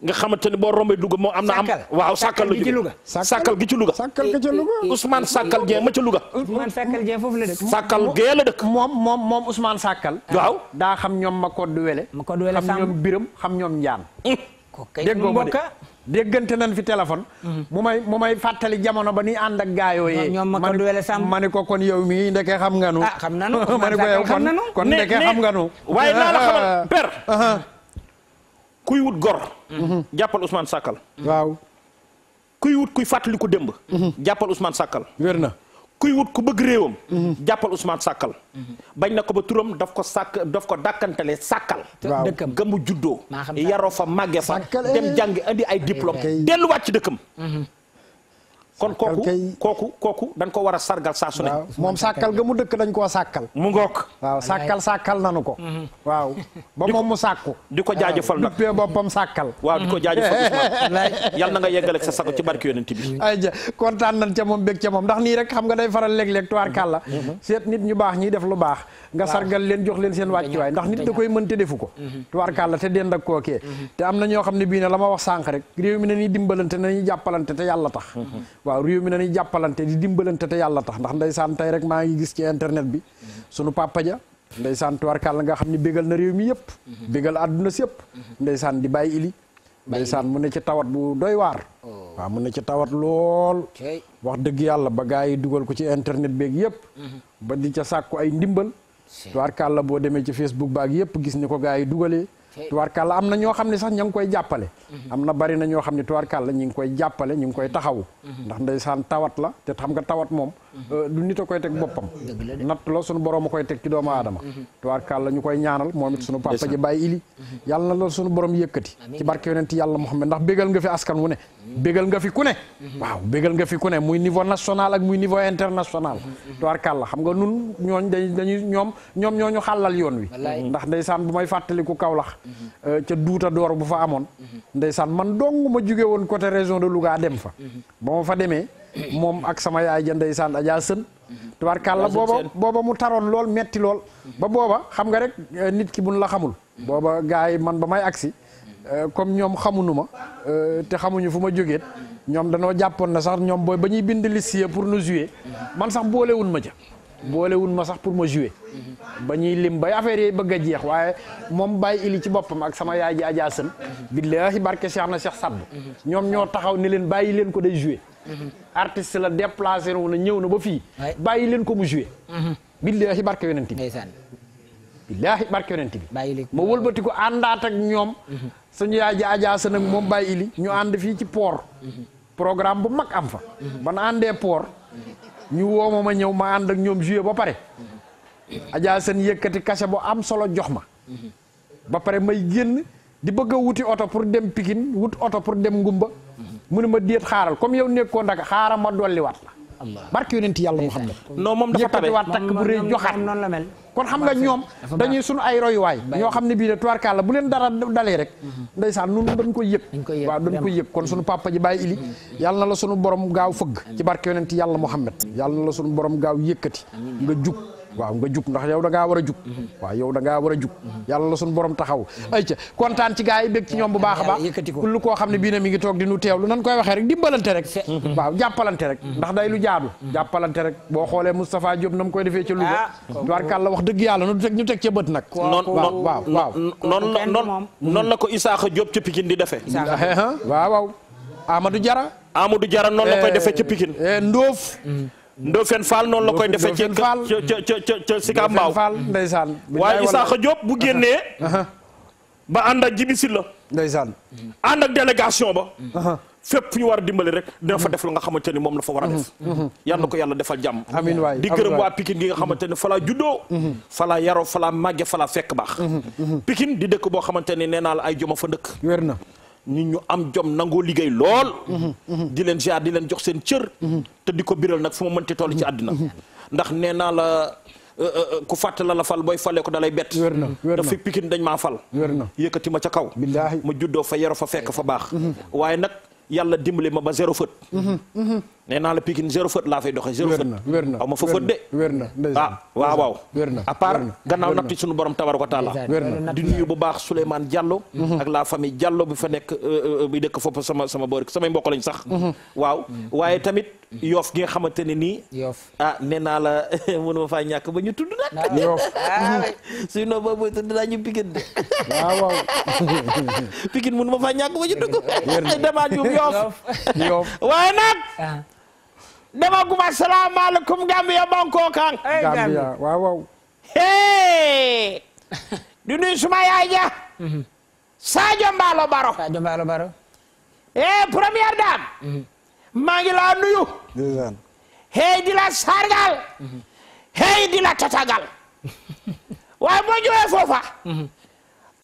nga xamante ni boo rombee Louga moo am na am waaw sàkkal la jóge sàkkal gi ci Louga sàkkal gi ci Louga Ousmane Sàkkal Dieng ma ci Louga Ousmane Sàkkal Dieng foofu la dëkk sàkkal gee la dëkk moom moom moom Ousmane Sàkkal waaw daa xam ñoom ma ko du wele ma ko biram xam ñoom njaan ma de déggante nañ fi téléphone mhm. mu may mu may fàttali jamono ba nuy ànd ak yee ñoom ko du wele sàmm ma ni ko kon yow mii ndeke xam nga nu ah xam ko yow kon kon ndeke xam nga nu waaye naa la xamal per kuy wut gor. Mhm. jàppal Ousmane Sakkal. Mhm. waaw. kuy wut kuy fàttaliku démb. Mhm. jàppal Ousmane Sakkal. wér na kuy wut ku bëgg réewam. jàppal Ousmane Sakkal. bañ na ko ba turam daf ko sàkk daf ko dàkkantale Sakkal. waaw dëkkam gamu juddoo. yaroo fa màggee fa dem eh. jàngi andi ay diplôme delluwaat ci dëkkam. kon koku, koku koku dan ko wara sargal sa su ne moom sàkkal ga mu dëkk dañ ko sakal mu ngok waaw sakal sakal nanu ko mhm. waaw ba mom mu sakku di jaajeufal nak nag bopam sakal waaw diko jaajeufal jaajëfal Ousmane yal na nga yeggaleeg sa sakku ci barki yonenti bi ay ja contane nan ci mom bekk ci mom ndax ni rek xam nga day faral leg leg tuar kala mhm. mhm. set nit ñu bax ñi def lu bax nga sargal leen jox leen seen way ndax nit da koy mën te defuko tuar kala te dend ak kookee te amna ño xamni bi ne lama wax sank rek rew mi na ni dimbalante na te yalla tax waaw réew mi nañuy jàppalante di dimbalante te yàlla tax ndax ndeysaan tey rek maa ngi gis ci internet bi sunu papa ja ndeysaan kàll nga xam ne bégal na réew mi yëpp bégal àdduna si yëpp ndeysaan di bàyyi ili ndeysaan mu ne ci tawat bu doy waar oh. waaw mu ne ci tawat lool wax dëgg yàlla ba gaa yi dugal ko ci internet beeg yëpp mhm. ba di ca sàkku ay ndimbal tuwarkàlla boo demee ci facebook baag yëpp gis ni ko gaa yi dugalee tubaarkàlla am na ñoo xam ne sax ña ngi koy jàppale mhm. am na bari na ñoo xam ne tubaarkàlla ñi ngi koy jàppale ñi ngi koy taxawu mhm. ndax ndeysaan tawat la te xam nga tawat moom Euh, du nit a koy teg boppam natt la sunu borom a koy teg ci doomu aadama mm-hmm. tubaarkàl la ñu koy ñaanal moom it sunu papa ji bàyyi ili mm-hmm. yàlla na la sunu borom yëkkati ci barke yonent yàlla Muhammad ndax bégal nga fi askan wu ne mm-hmm. bégal nga fi ku ne waaw bégal nga fi ku ne muy niveau national ak muy niveau international tubaarkàl la xam nga nun ñooñ dañ dañuy ñoom ñoom ñooñu xàllal yoon wi ndax ndeysaan bu may fàttaliku Kawlax euh, ca duuta door bu fa amoon ndeysaan man dong ma jóge woon côté région de Louga dem fa demee moom ak sama yaay ja ndeysaan ajaa sën tubaarkàlla booba booba mu taroon lool metti lool ba booba xam nga rek euh, nit ki buñ la xamul booba gars yi man ba may agsi euh, comme ñoom xamuñu ma euh, te xamuñu fu ma jógeet ñoom danoo jàppoon na sax ñoom booy ba ñuy bind liste pour nous jouer man sax boolewun ma ca boolewul ma sax pour ma jouer ba ñuy lim bay affaire yi bëgg a jeex waaye moom bàyyi ili ci boppam ak sama yaay ji ajaa sën billaahi barke Cheikh na Cheikh Sadd ñoom ñoo taxaw ni leen bàyyi leen ko day jouer artiste la déplacé wu na ñëw na ba fii bàyyi leen ko mu jouer mhm. billaahi barke yonent bi billaahi barke yonent bi ma wëlbati ko àndaat ak ñoom mhm. suñu yaay ji ajaa sën ak moom bàyyi ñu ànd fii ci port mhm. programme bu mag am fa ban àndee port ñu woo ma ma ñëw ma ànd ak ñoom juillet ba pare. Adja seen yëkkati kase bu am solo jox ma. ba pare may génn di bëgg a wuti oto pour dem Pikine wut oto pour dem Ngumba. mu ne ma déet xaaral comme yow nekkoon rek xaaral ma dolliwaat la. barke yonent yàlla Muhammad. non moom dafa tabe yëkkatiwaat takk bu rëy joxaat noonu la mel. kon xam nga ñoom dañuy suñu ay royuwaay ñoo xam ne bii de tuwaarkaal la bu leen dara dalee rek mhm. ndeysaan nun dañ koy yëpp waaw dañ koy yëpp kon suñu mhm. papa ji bàyyi ili mhm. yàlla na la suñu borom gaaw fëgg ci barke yonent yàlla Muhammad yàlla na la suñu borom gaaw yëkkati nga jug waaw nga jug ndax yow da war a jug mm-hmm. waaw yow da ngaa war a jug mm-hmm. yàlla la suñu borom taxaw mm-hmm. ay ca kontaan ci gaa yi bég ci ñoom bu baax a baax ko koo xam ne bii na mi ngi toog di nu teewlu nan koy waxee rek dimbalante rek waaw jàppalante rek ndax day lu jaadu jàppalante rek boo xoolee Moustapha Diop na koy defee ca Louga ah. tubaarkàlla wax dëgg yàlla nu teg ñu teg ca bët nag waaw waaw noonu noonu la ko Isaaxa Diop ca Pikine di defee eh, waaw waaw Amadou Jara Amadou Jara noon la koy eh, defee ca Pikine eh, ndóof Ndofène Fall noonu la koy defee ca ca ca ca Sika Mbaaw ndeysaan waaye Isaaxa Diop bu génnee uh-huh. Uh-huh. ba ànd ak jibisi la ndeysaan ànd ak délégation ba uh-huh. fépp fu ñu war a dimbali rek dina fa def la nga xamante ni moom la fa war a def yal na ko yàlla defal jàmm amiin waay di gërëm waa Pikine gi nga xamante ne falaa juddoo falaa yaroo falaa màgge falaa fekk baax Pikine di dëkk boo xamante ne nee naa la ay joma fa dëkk wér na nit ñu am jom nangoo liggéey lool. di leen ziar di leen jox seen cër. te di ko biral nag fu mu mënti toll ci àddina. ndax nee naa la. Euh, euh, euh, ku fàtte la la fal booy falee ko dalay bett wér na dafa pikin dañ maa fal wér na yëkkati ma ca kaw ma juddoo fa yero fa fekk fa baax waaye nag yàlla dimbali ma ba zéro fët nena la pikin zero foot la fay doxee zéro faute aw ma fa faute de ah waaw waaw a part gannaaw natti sunu borom tabaraka taala di nuyu bu baax souleyman Diallo mhm. ak la famille Diallo bu fa nek euh, euh, bi dekk fop sama sama borik. Sama mbokk lañ sax mhm. waaw mhm. waye tamit yof gi nga xamanteni ni yof ah nena naa la mënuma fa ñak ba ñu tudd nag yoof sinon boobu tuddu la ñu Pikine de waaw waaw Pikine mënuma fa ñak ba ñu dugg ñu yof yof waye nak dama guma assalamu alaikum gambia banko kan hey, gambia waaw waaw hey du suma yaay ja mm-hmm. sadio mbalo baro sadio mbalo baro eh première dame mm-hmm. maa ngi laa nuyu hey di la sargal mm-hmm. hey di la tatagal waaye boo ñëwee foofa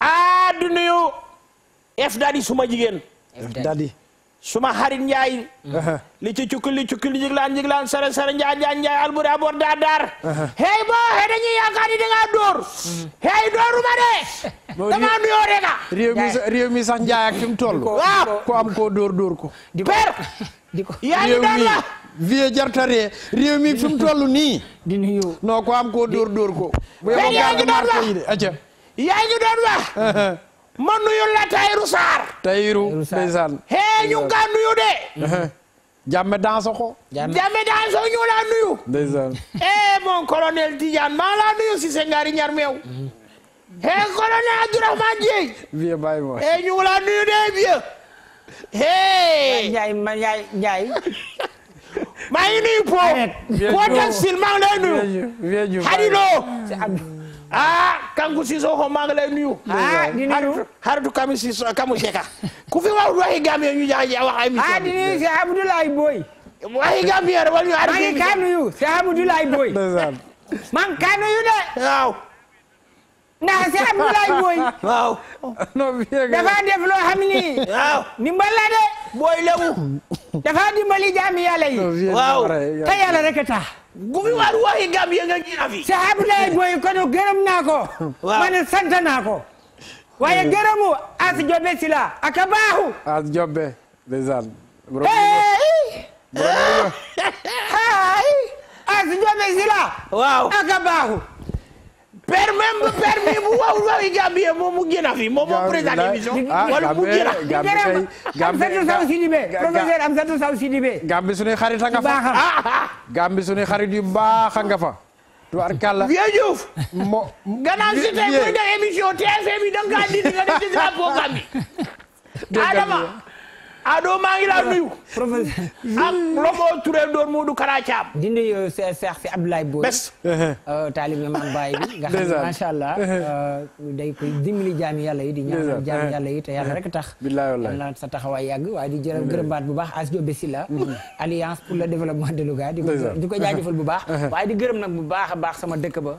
ah du f dadi suma jigen. f dadi suma xarit njaay li ci cukki li cukki li jiglaan jiglaan sare sare njaay al njaay bor abor dar hey bo he dañi yaakaar di nga dor dóor hey dóoruma de dama nuyoo reka rew mi rew mi sax njaay ak fi tollu ko am ko dor dor ko per ya ni doon la vie jartare rew mi tollu ni di nii no ko am ko dor dor ko bu yaa ngi doon la yaa ngi dor la ma nuyu la Tayiru Sarr. Tayiru hee ñu nuyu de. jàmme danso ko. jàmme danso nuyu. ndeysaan. mon colonel Tidiane maa la nuyu si Sengari ñar hee colonel Abdourahmane Dieye. vieux nuyu de vieux. hee. Ndiaye nuyu Po. Po Textile maa nuyu. vieux Diouf ah Kanku Cissokho maa ngi lay nuyu. ah di nuyu xaritu Kamu Ciss Kamu Ceka ku fi wax waxi Gambien ñu jaaxle wax ay. ah di nuyu Boy. waxi Gambien rek wala ñu. man kaa nuyu de. waaw. ndax Cheikh Abdoulaye Boy. waaw. dafa def loo xam ni. waaw a tax. gumi waaru waxi Gambie nga ñina fi. Cheikh Abdoulaye Boye kon gërëm naa ko. waaw man sant naa ko. waaye eh. As Jobe sila la ak a baaxu. As Jobe ndeysaan. As Jobe sila la. waaw ak père même permis bu waaw waawi Gambie moom mu génn fi moom moo présenté émission wala mu génn Amsatou Sow Sidibé suñuy xarit a nga fa Gambie suñuy xarit yu baax a nga fa tubaarkàlla Vieux Diouf mo gannaaw si tey muy def émission TFM bi danga kaa dindi nga def ci drapeau Gambie Adama Ado maa ngi laa nuyu professeur ak Lomo du door Moodu Kara Thiam. dindi si fi Abdoulaye Boye. bés. Euh, taalibe maam baay bi nga xam ne macha allah. Euh, day koy dimbali jaami yàlla yi di ñaanal jaami yàlla yi te tax. billaay wallaay la taxawaay yàgg waaye di jërëm gërëmaat bu baax Asio Bessila. alliance pour le développement de Louga. di ko di ko jaajëfal bu baax. waaye di nag bu baax a baax sama dëkk ba.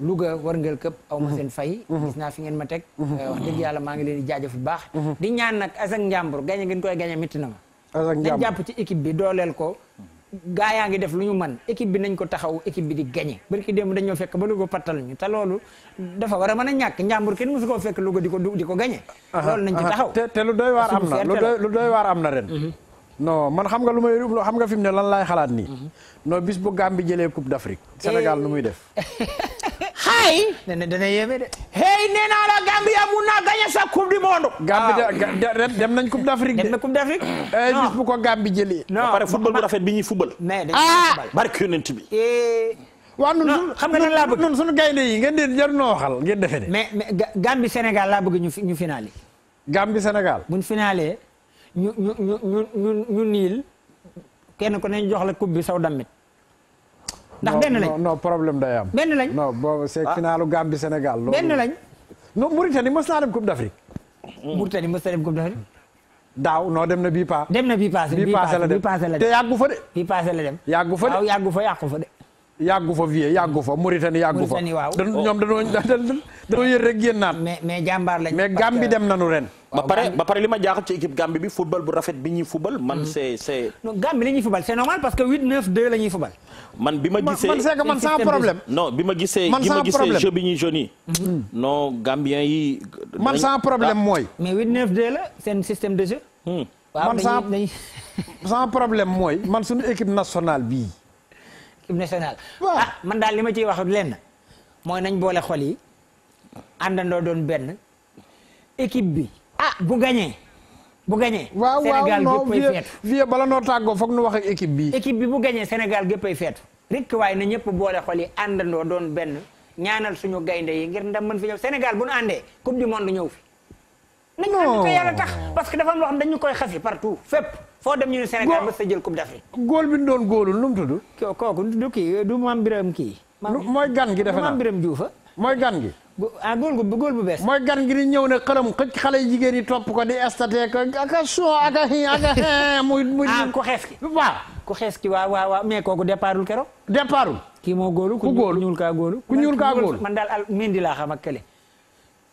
Louga war ngeen këpp aw ma seen fay. gis naa fi ngeen ma teg. Euh, wax dëgg yàlla maa ngi leen di jaajëf bu baax. di ñaan nag as ak njàmbur gañe ngeen koy gañe mitti na ma. nañ jàpp ci équipe bi dooleel ko gaa yaa ngi def lu ñu man équipe bi nañ ko taxaw équipe bi di gagné barki démb dañoo fekk ba Louga pattal ñu te loolu dafa war a man a ñàkk njàmbur kenn mosu koo fekk Louga di ko di ko gagné loolu nañ ci taxaw te lu doy waar am na ren mhm. non man xam nga lu may xam nga fi mu ne lan laay xalaat nii mhm. non bis bu gaam bi jëlee Coupe d'Afrique Sénégal lu eh. muy def hay dana dana yéeme de. hey nee naa la Gambia mun naa gagné sa coupe du monde. Ah. dem nañ coupe d'Afrique dem na coupe d'Afrique. Eh, non bis bu ko Gambie jëlee. non rafet bi ñuy football. mais dañuy ah. football barke yonent bi. Eh. xam nga lan laa bëgg gaynde yi ngeen di jarul noo waxal ngeen defe de. bëgg ñu ñu finale. Gambie Sénégal. buñ finale ñu ñu niil kenn ko nañ jox la coupe saw damit. ndax benn lañ non problème day am. benn lañ non boobu c'est ah. finalu Gambie Sénégal. loolu benn lañ. mës naa dem Coupe d'Afrique. Mauritanie mës na dem Coupe d'Afrique. daaw non dem na bii paa. dem na bii paase la dem te yàggu fa de. bii paase la yàggu fa de waaw yàggu fa yàqu fa de. yàggu fa vie yàggu fa Mauritanie yàggu fa. Mauritanie waaw ñoom dañoo dañoo yër rek génnaat. mais mais dem nañu ren. ba pare li ma jaaxal ci équipe Gambie bi football bu rafet bi ñuy football. man mm-hmm. c'est c'est. normal parce que 8 9 2 la man bi ma gisee man man sans problème. non bi ma gisee. man sans problème bi ma jeu bi ñuy jeu nii. Mm-hmm. non Gambien yi. man sans problème mooy. Ah, mais 8-9 la seen système de jeu. Hmm. man sans problème mooy. man suñu équipe nationale bii. équipe nationale. waaw ah, man daal li ma ciy wax lenn mooy nañ boole xol yi àndandoo doon benn équipe bi ah bu gagné. bu gañee waaw waaw non vie vie bala noo tàggoo foog nu wax équipe bi équipe bi bu gañee Sénégal géppay feetu rikk waaye na ñëpp boole xol yi àndandoo doon benn ñaanal suñu gaynde yi ngir ndam man fi ñëw Sénégal bu nu àndee coupe du monde ñëw fi nañu ko yàlla tax parce que dafa loo xam dañu koy xasi partout fépp foo dem ñu ne Sénégal ba sa jël coupe d'Afrique góol bi ñu doon góolul nu mu kooku du kii du maam biram kii mooy gan gi defe naa maam biram ah. mooy gan gi ah góol gu bu bees. mooy gan gi ñëw ne xëram xëcc xale jigéen yi topp ko di estaté ko ak a soo ak a xii a muy muy. Ah, ku xees ki waa ku xees ki waaw waaw waaw mais kooku départul keroog. départul. kii moo góolu ku góolu ku ñuul kaa góolu. ku ñuul kaa góolu man daal al mindi laa xam ak kële.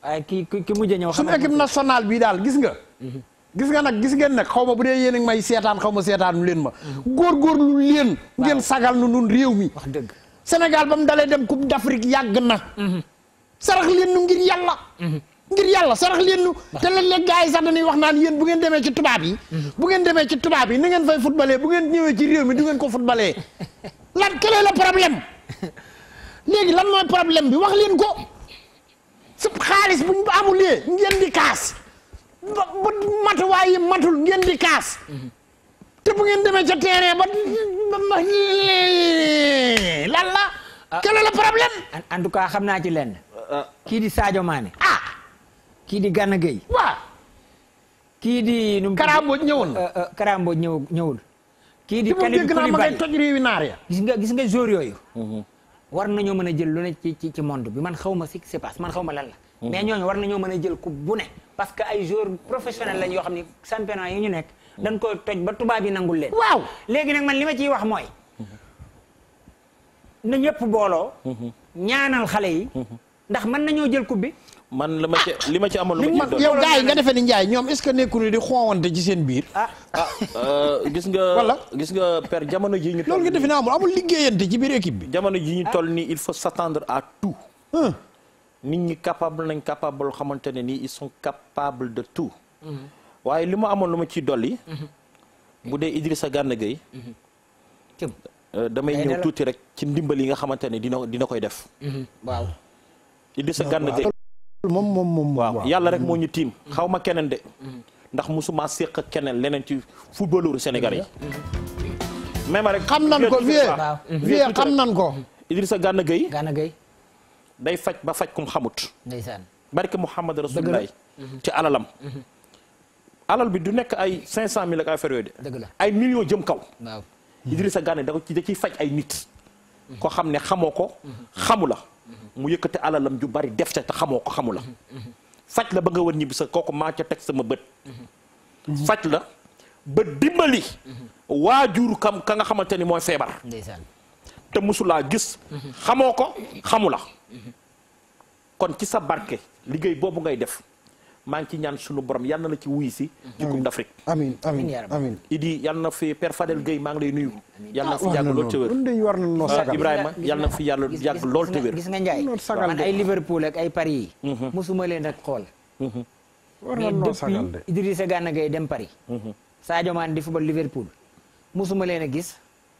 waaye ki ki mujj a ñëw. xam suñu équipe nationale bii daal gis nga. Mhm. gis nga nag gis ngeen nag xaw ma bu dee yéen a may seetaan xaw ma seetaanu leen ma. Mhm. góorgóorlu leen. ngeen sagal nu nun réew mi. wax dëgg Sénégal ba mu yàgg na mhm. sarax len nu ngir yalla mhm. ngir yalla sarax len nu te léeg le gars sa dañuy wax naan yeen bu ngeen deme ci tubaab yi mhm. bu ngeen deme ci tubaab yi na ngeen fay footballé bu ngeen ñëwé ci réew mi du ngeen ko footballé lan quel est le problème légui lan moy problème bi wax len ko su xaalis amul amulee ngeen di kaas bu matu way matul ngeen di kaas mhm. te bu ngeen deme ci terrain ba lan la ah. quel est le problème en tout cas xamna ci lenn Uh, uh. kii di saajo maane ah. kii di Gana Gueye. waaw. kii di. nu mu Karambooj ñëwoon na. Uh, ñëw ñëwul. kii di Kalidou Koulibaly toj réewi naar gis nga gis nga joueur yooyu. Mhm. war na ñoo mën a jël lu ci ci ci monde bi man xaw ma si se passe man xaw ma la. Mhm. mais ñooñu war nañoo mën a jël ku bu ne. parce que ay joueur professionnel lañ yoo xam ni championnat yi ñu nekk. Mhm. dañ koy toj ba tubaab yi nangul leen. waaw léegi nag man li ma ciy wax mooy. na ñëpp booloo. ñaanal xale yi. ndax man nañu jël kubbi bi. man lima ci ah! lima ci amul lima yow gaay nga defé ni Ndiaye ñom est-ce que nekkul di xowante ci seen biir. ah, ah euh, gis nga. wala gis nga per jamono ji ñu. loolu nga defé na amul amul liggéeyante ci biir équipe bi. jamono ji ñu ah! tol ni il faut s'attendre à tout. nit ñi capable nañ capable xamantene ni ils sont capables de tout. Mhm. waye lima amul amoon ci doli hmm budé idrissa gane gay hmm Gueye. Mhm. Euh, damay ñew tuuti rek ci ndimbal yi nga xamantene dina dina koy def. Mhm. waaw. Idrissa Gana Gueye moom moom moom waaw yàlla rek moo ñu tiim xaw ma keneen de ndax musuma séq keneen leneen ci footballeur Sénégal yi mais ma rek xam nan ko vie vie xam nan ko Idrissa Gana Gueye Gana Gueye day faj ba faj kum xamut ndeysaan barke Muhammad Rasulullah mhm. ci alalam mhm. alal bi du nekk ay cinq cent mille ak affaire yooyu de ay millions jëm kaw sa Gana da ko ci da ciy faj ay nit mhm. ko xam ne xamoo ko xamu la mu yëkkati alalam ju bari def ca te xamoo ko xamu la mm-hmm, mm-hmm. faj la ba nga war ñibbi sa kooku maa ca teg sama bët mm-hmm. faj la ba dimbali waajur kam ka nga xamante ni mooy feebar te mosulaa gis xamoo ko xamu la kon ci sa barke liggéey boobu ngay def maa ngi ci ñaan sunu borom yal na la ci wuy si ci Coupe d'Afrique amin amin amin idi yal na fi Père Fadel Gueye maa ngi lay nuyu yal na fi yàgg lool te wér Ibrahima yal na fi yàlla yàgg lool te wér gis nga Ndiaye man ay Liverpool ak ay Paris yi mhm. mosuma leen ak xool mhm. war na noo sagal de Idrissa mhm. leen a gis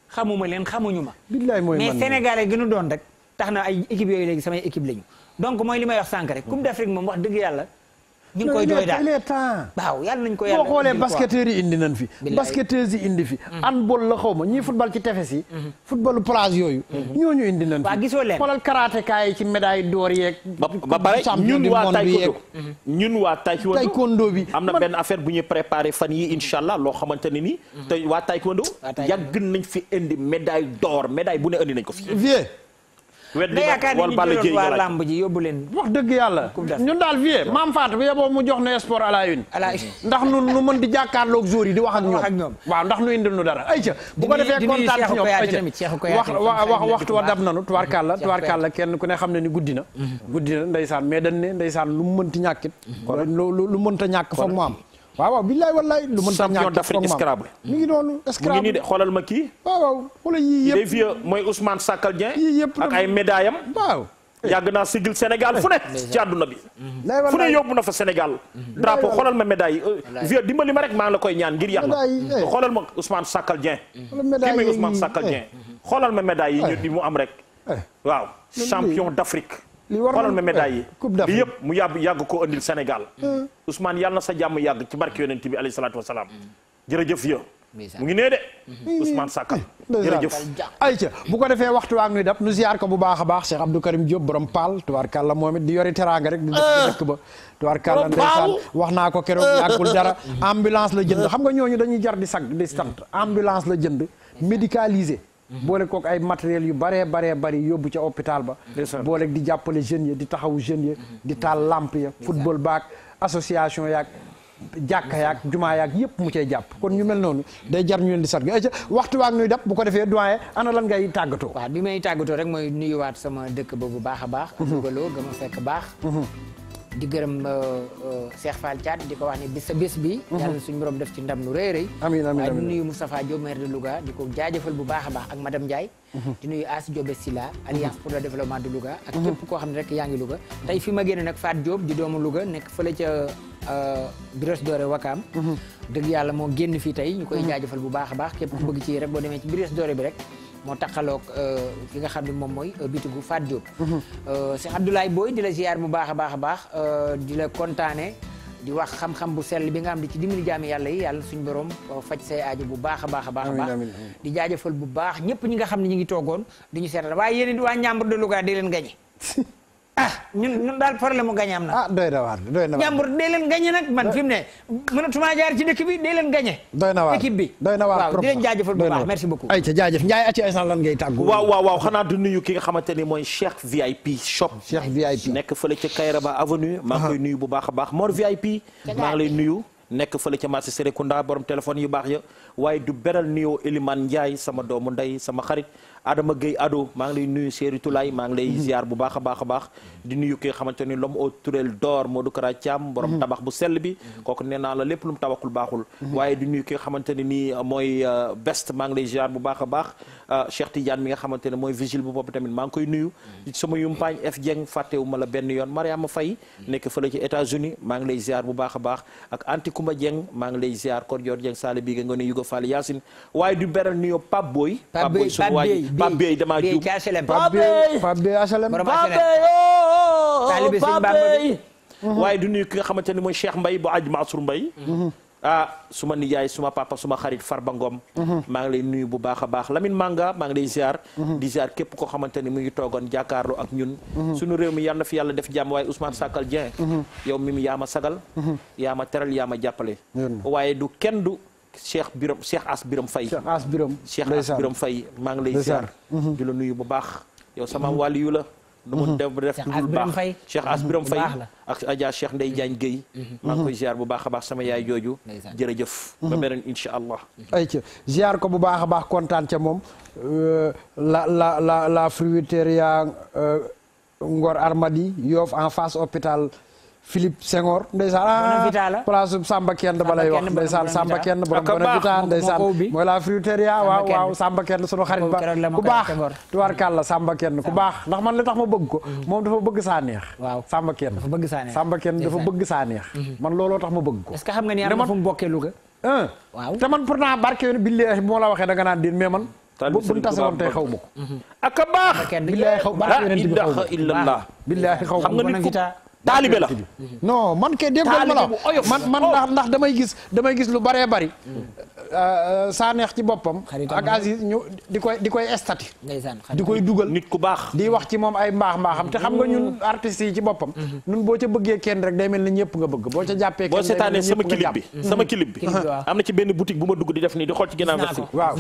xamuma leen xamuñu ma billaay mooy man mais Sénégal yi gënu doon rek tax na ay équipe yooyu léegi samay équipe lañu donc mooy li may wax sànq rek Coupe d'Afrique moom wax dëgg yàlla ñu ngi koy jooy daal il est temps ko yàlla boo xoolee yi indi nañ fi basketteuses yi indi fi mm-hmm. handball la xaw ma ñii football ci tefes mm-hmm. mm-hmm. indi nañ fi waaw gisoo leen xoolal karatékaay yi ci médaille d'or yeeg ba ñun waa taekwondo ñun waa bi am na benn affaire bu ñuy préparé fan yi incha allah loo xamante ne nii te waa taekwondo yàgg nañ fi indi médaille d'or médaille bu ne indi nañ ko fi weddi wal Balla Dieng waa làmb ji yóbbu leen wax dëgg yàlla ñun daal vie maam Fatou bi yeboo mu jox ne sport à la une ndax nun nu mën di jàkkaarloog jour yi di wax ak ñoom waaw ndax nu indil nu dara ay ca bu ko defee kontaan ci ñoom ay ca wax waxtu wa dab nanu tubaarkàlla tubaarkàlla kenn ku ne xam ne ni guddi na mhm. guddi na ndeysaan mais dañ ne ndeysaan lu mu mënti ñàkkit mhm. lu mënta ñàkk foog mu am waaw waaw billaay wallaay lu mën ta ñàkk d'Afrique Scrabble mi ngi noonu Scrabble mi ngi nii de xoolal ma kii waaw waaw xoolal mooy Ousmane Sakal Dieng yëpp ak ay médailles am yàgg naa sigil Sénégal fu ne ci àdduna bi fu ne yóbbu na fa Sénégal drapeau xoolal ma médaille yi dimbali ma rek maa la koy ñaan ngir yàlla eh. xoolal ma Ousmane Sakal Dieng kii mooy Ousmane Sakal eh. Dieng xoolal ma médaille yi ñu eh. di mu am rek waaw champion d'Afrique li war xoolal ma médaille yi bi yëpp mu yàgg yàgg koo andil Sénégal hmm. Ousmane yàlla na sa jàmm yàgg ci barke yonent bi alayhi salaatu wasalaam hmm. jërëjëf yo mu ngi nee de hmm. Ousmane Sakal jërëjëf ayca bu ko defee waxtu waa ngi dab nu ziar ko bu baax a baax Cheikh Abdou Karim Diop borom paal tubaarkàlla moom it di yori teraanga rek di dëkk ba ah. tubaarkàlla ndeysaan wax naa ko keroog ah. yàggul dara ambulance la jënd xam nga ñooñu dañuy jar di sag di sant ambulance la jënd médicalisé Mm-hmm. boole kook ay matériel yu baree baree bari yóbbu ca hôpital ba mm-hmm. boole di jàppale jeunes yi di taxawu jeunes yi mm-hmm. di taal làmp ya football baak association yaak jàkka yaak jumaa yaak yëpp mu cay jàpp kon ñu mel noonu day jar ñu leen di sargal ayca waxtu waak ñuy dab bu ko defee doyen ana lan ngay tàggatoo waaw bi may tàggatoo rek mooy nuyuwaat sama dëkk ba bu baax a baax adugaloo gëm a fekk baax di gërëm euh, euh, Cheikh Fall Thiat di ko wax ne bis sa bés bi mhm. yàlla suñu borom def ci ndam lu rëy rëy amiin amiin waaye di nuyu Moustapha Diop maire de Louga di ko jaajëfal bu baax a baax ak madame Ndiaye mhm. di nuyu As Diop Sila mhm. alliance pour le développement de Louga ak képp koo xam ne rek yaa ngi Louga tey fi ma génn nag Fat Diop di doomu Louga nekk fële ca euh, Brioche Dorée Wakaam dëgg yàlla moo génn fi tey ñu koy jaajëfal bu baax a baax képp ku bëgg ci rek boo demee ci Brioche Dorée bi moo euh ki nga xamni mom moy mooy bitigu Fat Diop. Cheikh Abdoulaye Boy dila ziar bu baakha baakha baax euh dila di di wax xam-xam bu sel bi nga am di ci dimbali jami yalla yi yalla suñu borom eh, fajj say aaji bu baakha baakha baax di jaajeufal bu baax ñepp ñi nga xamni ñi ngi togon di ñu sétal waye yeneen it waa Ñambur de luga di leen gañe ah ñun ñun daal problème mu gañe am na. ah doy na waar doy na waar jàmbur man fi mu ne ci dëkk bi dee leen gañe. doy na waar équipe bi doy na waar waaw di leen jaajëfal bu baax merci beaucoup. ayca jaajëf Ndiaye ati instant lan ngay tàggu. waaw waaw waaw xanaa du nuyu ki nga xamante ni mooy Cheikh VIP shop. Cheikh VIP nekk fële ca Kayraba avenue. maa ngi koy nuyu bu baax a baax Mor VIP. maa ngi lay nuyu. nekk fële ca marché Sérékunda borom téléphone yu baax ya waaye du beral nuyoo Elimane Ndiaye sama doomu ndey sama xarit Adama magai Ado mang ngi lay nuyu Seeri toulay maa ngi lay mhm. ziar bu baakha baakha baax di nuyu ke xamanteni lom o oh, tourel d'or Modou Kara Thiam borom mhm. tabakh bu sel bi mhm. kooku neena la lepp lum mu baaxul di nuyu ke xamanteni ni eh, moy eh, best mang ngi lay ziar bu baakha a baax eh, Cheikh Tidiane mi nga xamanteni moy vigile bu bop tamit maa ngi koy nuyu sama yumpaañ F Dieng fàttewu wu mala ben yon mariam fay nek fele ci etats unis maa lay ziar bu baakha ak Anti kumba Dieng mang ngi lay ziar Kor Dieng Sale bi nga ngone Yugo Fall yasin waye du beral nuyu pap Boy pap Boy Babe, dama ju Babe, Babe, asalam Babe, talibé seigne Babe. waaye du nuyu ki nga xamante ni mooy Cheikh Mbaye bu Aj Mansour Mbaye mhm. ah suma nijaay suma papa suma xarit Farba Ngom maa mhm. ngi lay nuyu bu baax a baax Lamine Manga maa ngi lay ziar mhm. di ziar képp koo xamante ni mu ngi toogoon jàkkaarloo ak ñun suñu réew mi yal fi yàlla def jam waaye Ousmane Sakal Dieng yow mi mu ma sagal yaa ma teral yaa ma jàppale du kenn du Cheikh Biram Cheikh As Biram Faye Cheikh As Biram Cheikh As Biram Faye maa ngi lay ziar mhm. di la nuyu bu baax yow sama mhm. wàllu yu la nu mu mhm. def def lu baax Cheikh As Biram Faye ak Adja Cheikh Ndeye Diagne Guèye maa ngi koy ziar bu baax a baax sama yaay jooju jërëjëf ba beneen incha allah ayca ziar ko bu baax a baax kontaan ca moom euh, la la la la fruiteria euh, Ngor Armadi Yoff en face hôpital Philippe Senghor ndeysaan ah, place Samba Kenn ba lay wax ndeysaan Samba ah, Samba Kenn sunu xarit ba mm-hmm. moom dafa bëgg saa Samba Kenn dafa bëgg saa mm-hmm. man looloo tax ma bëgg ko est-ce que xam nga te man pourtant barke yoon billaahi bi moo la waxee da naan diin mais man buñ tasewoon tey xaw ma ko mm-hmm. ak a baax billaahi xaw baax xaw ma ko billaahi xaw ma ko taalibe la non man kay dégg nga la man man ndax ndax damay gis damay gis lu baree bari hmm. euh, euh, Sanex ci boppam ak Aziz ñu di koy di koy estati di koy dugal nit ku baax di wax ci moom ay mbaax mbaaxam te xam nga ñun hmm. artistes yi ci boppam hmm. ñun boo ca bëggee kenn rek day mel ni ñëpp nga bëgg boo ca jàppee boo seetaanee sama sama clip bi am na ci bu ma dugg di def nii di xool ci ginnaaw versi waaw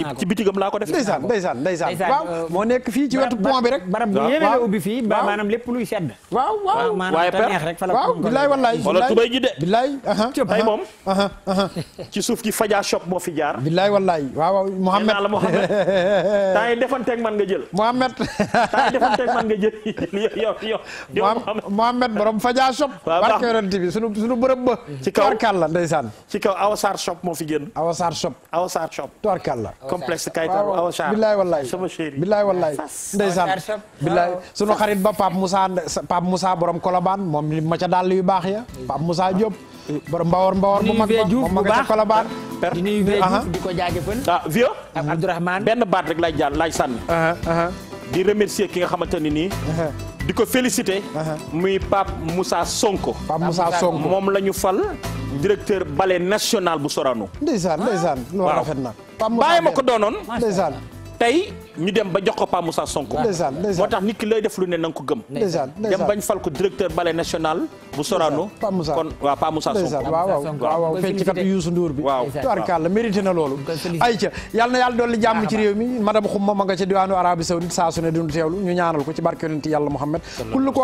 laa ko def ndeysaan ndeysaan ndeysaan waaw euh, moo nekk fii ci wetu pont bi rek barab bu yéeme la ubbi fii maanaam lépp luy sedd waaw waaw neex rek fa la waaw billaay wallaay wala tubay ji de billaay aha. moom ci suuf gi faja shop moo fi jaar billaay wallaay waaw waaw Mouhamed la Mouhamed temps yi defanteeg man nga jël Mouhamed temps yi defanteeg man nga jël yow yow yow borom faja shop barke yonent bi sunu sunu bërëb ba ci kaw tubarkal la ndeysaan ci kaw awasar shop moo fi génn awasar shop awasar shop tubarkal la complexe kayitar awasar billaay wallaay sama chéri billaay wallaay ndeysaan billaay sunu xarit ba Pape Moussa Pape Moussa borom Kolobaan moom ñoom li ma ca dàll yu baax ya Pape Moussa Diop borom mbawor mbawor bu mag ma nga ca Colobane di di ko jaajëfal ah Vieux ak Abdourahmane benn baat rek laay jaan laay sànni di remercier ki nga xamante ne nii di ko féliciter muy Pape Moussa Sonko Pape Moussa Sonko moom la ñu fal directeur ballet national bu Sorano ndeysaan ndeysaan loolu rafet na Pape Moussa bàyyi ma ko doonoon ndeysaan tey ñu dem ba jox ko Pa Moussa Sonko. moo tax nit ki ko mi madame Xuma ma nga ca diwaanu Arabie Saoudite saa su ne duñu teewlu ñu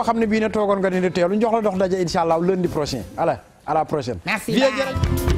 xam ne bii ne nga ni di teewlu ñu dox daje incha allah prochain. ala à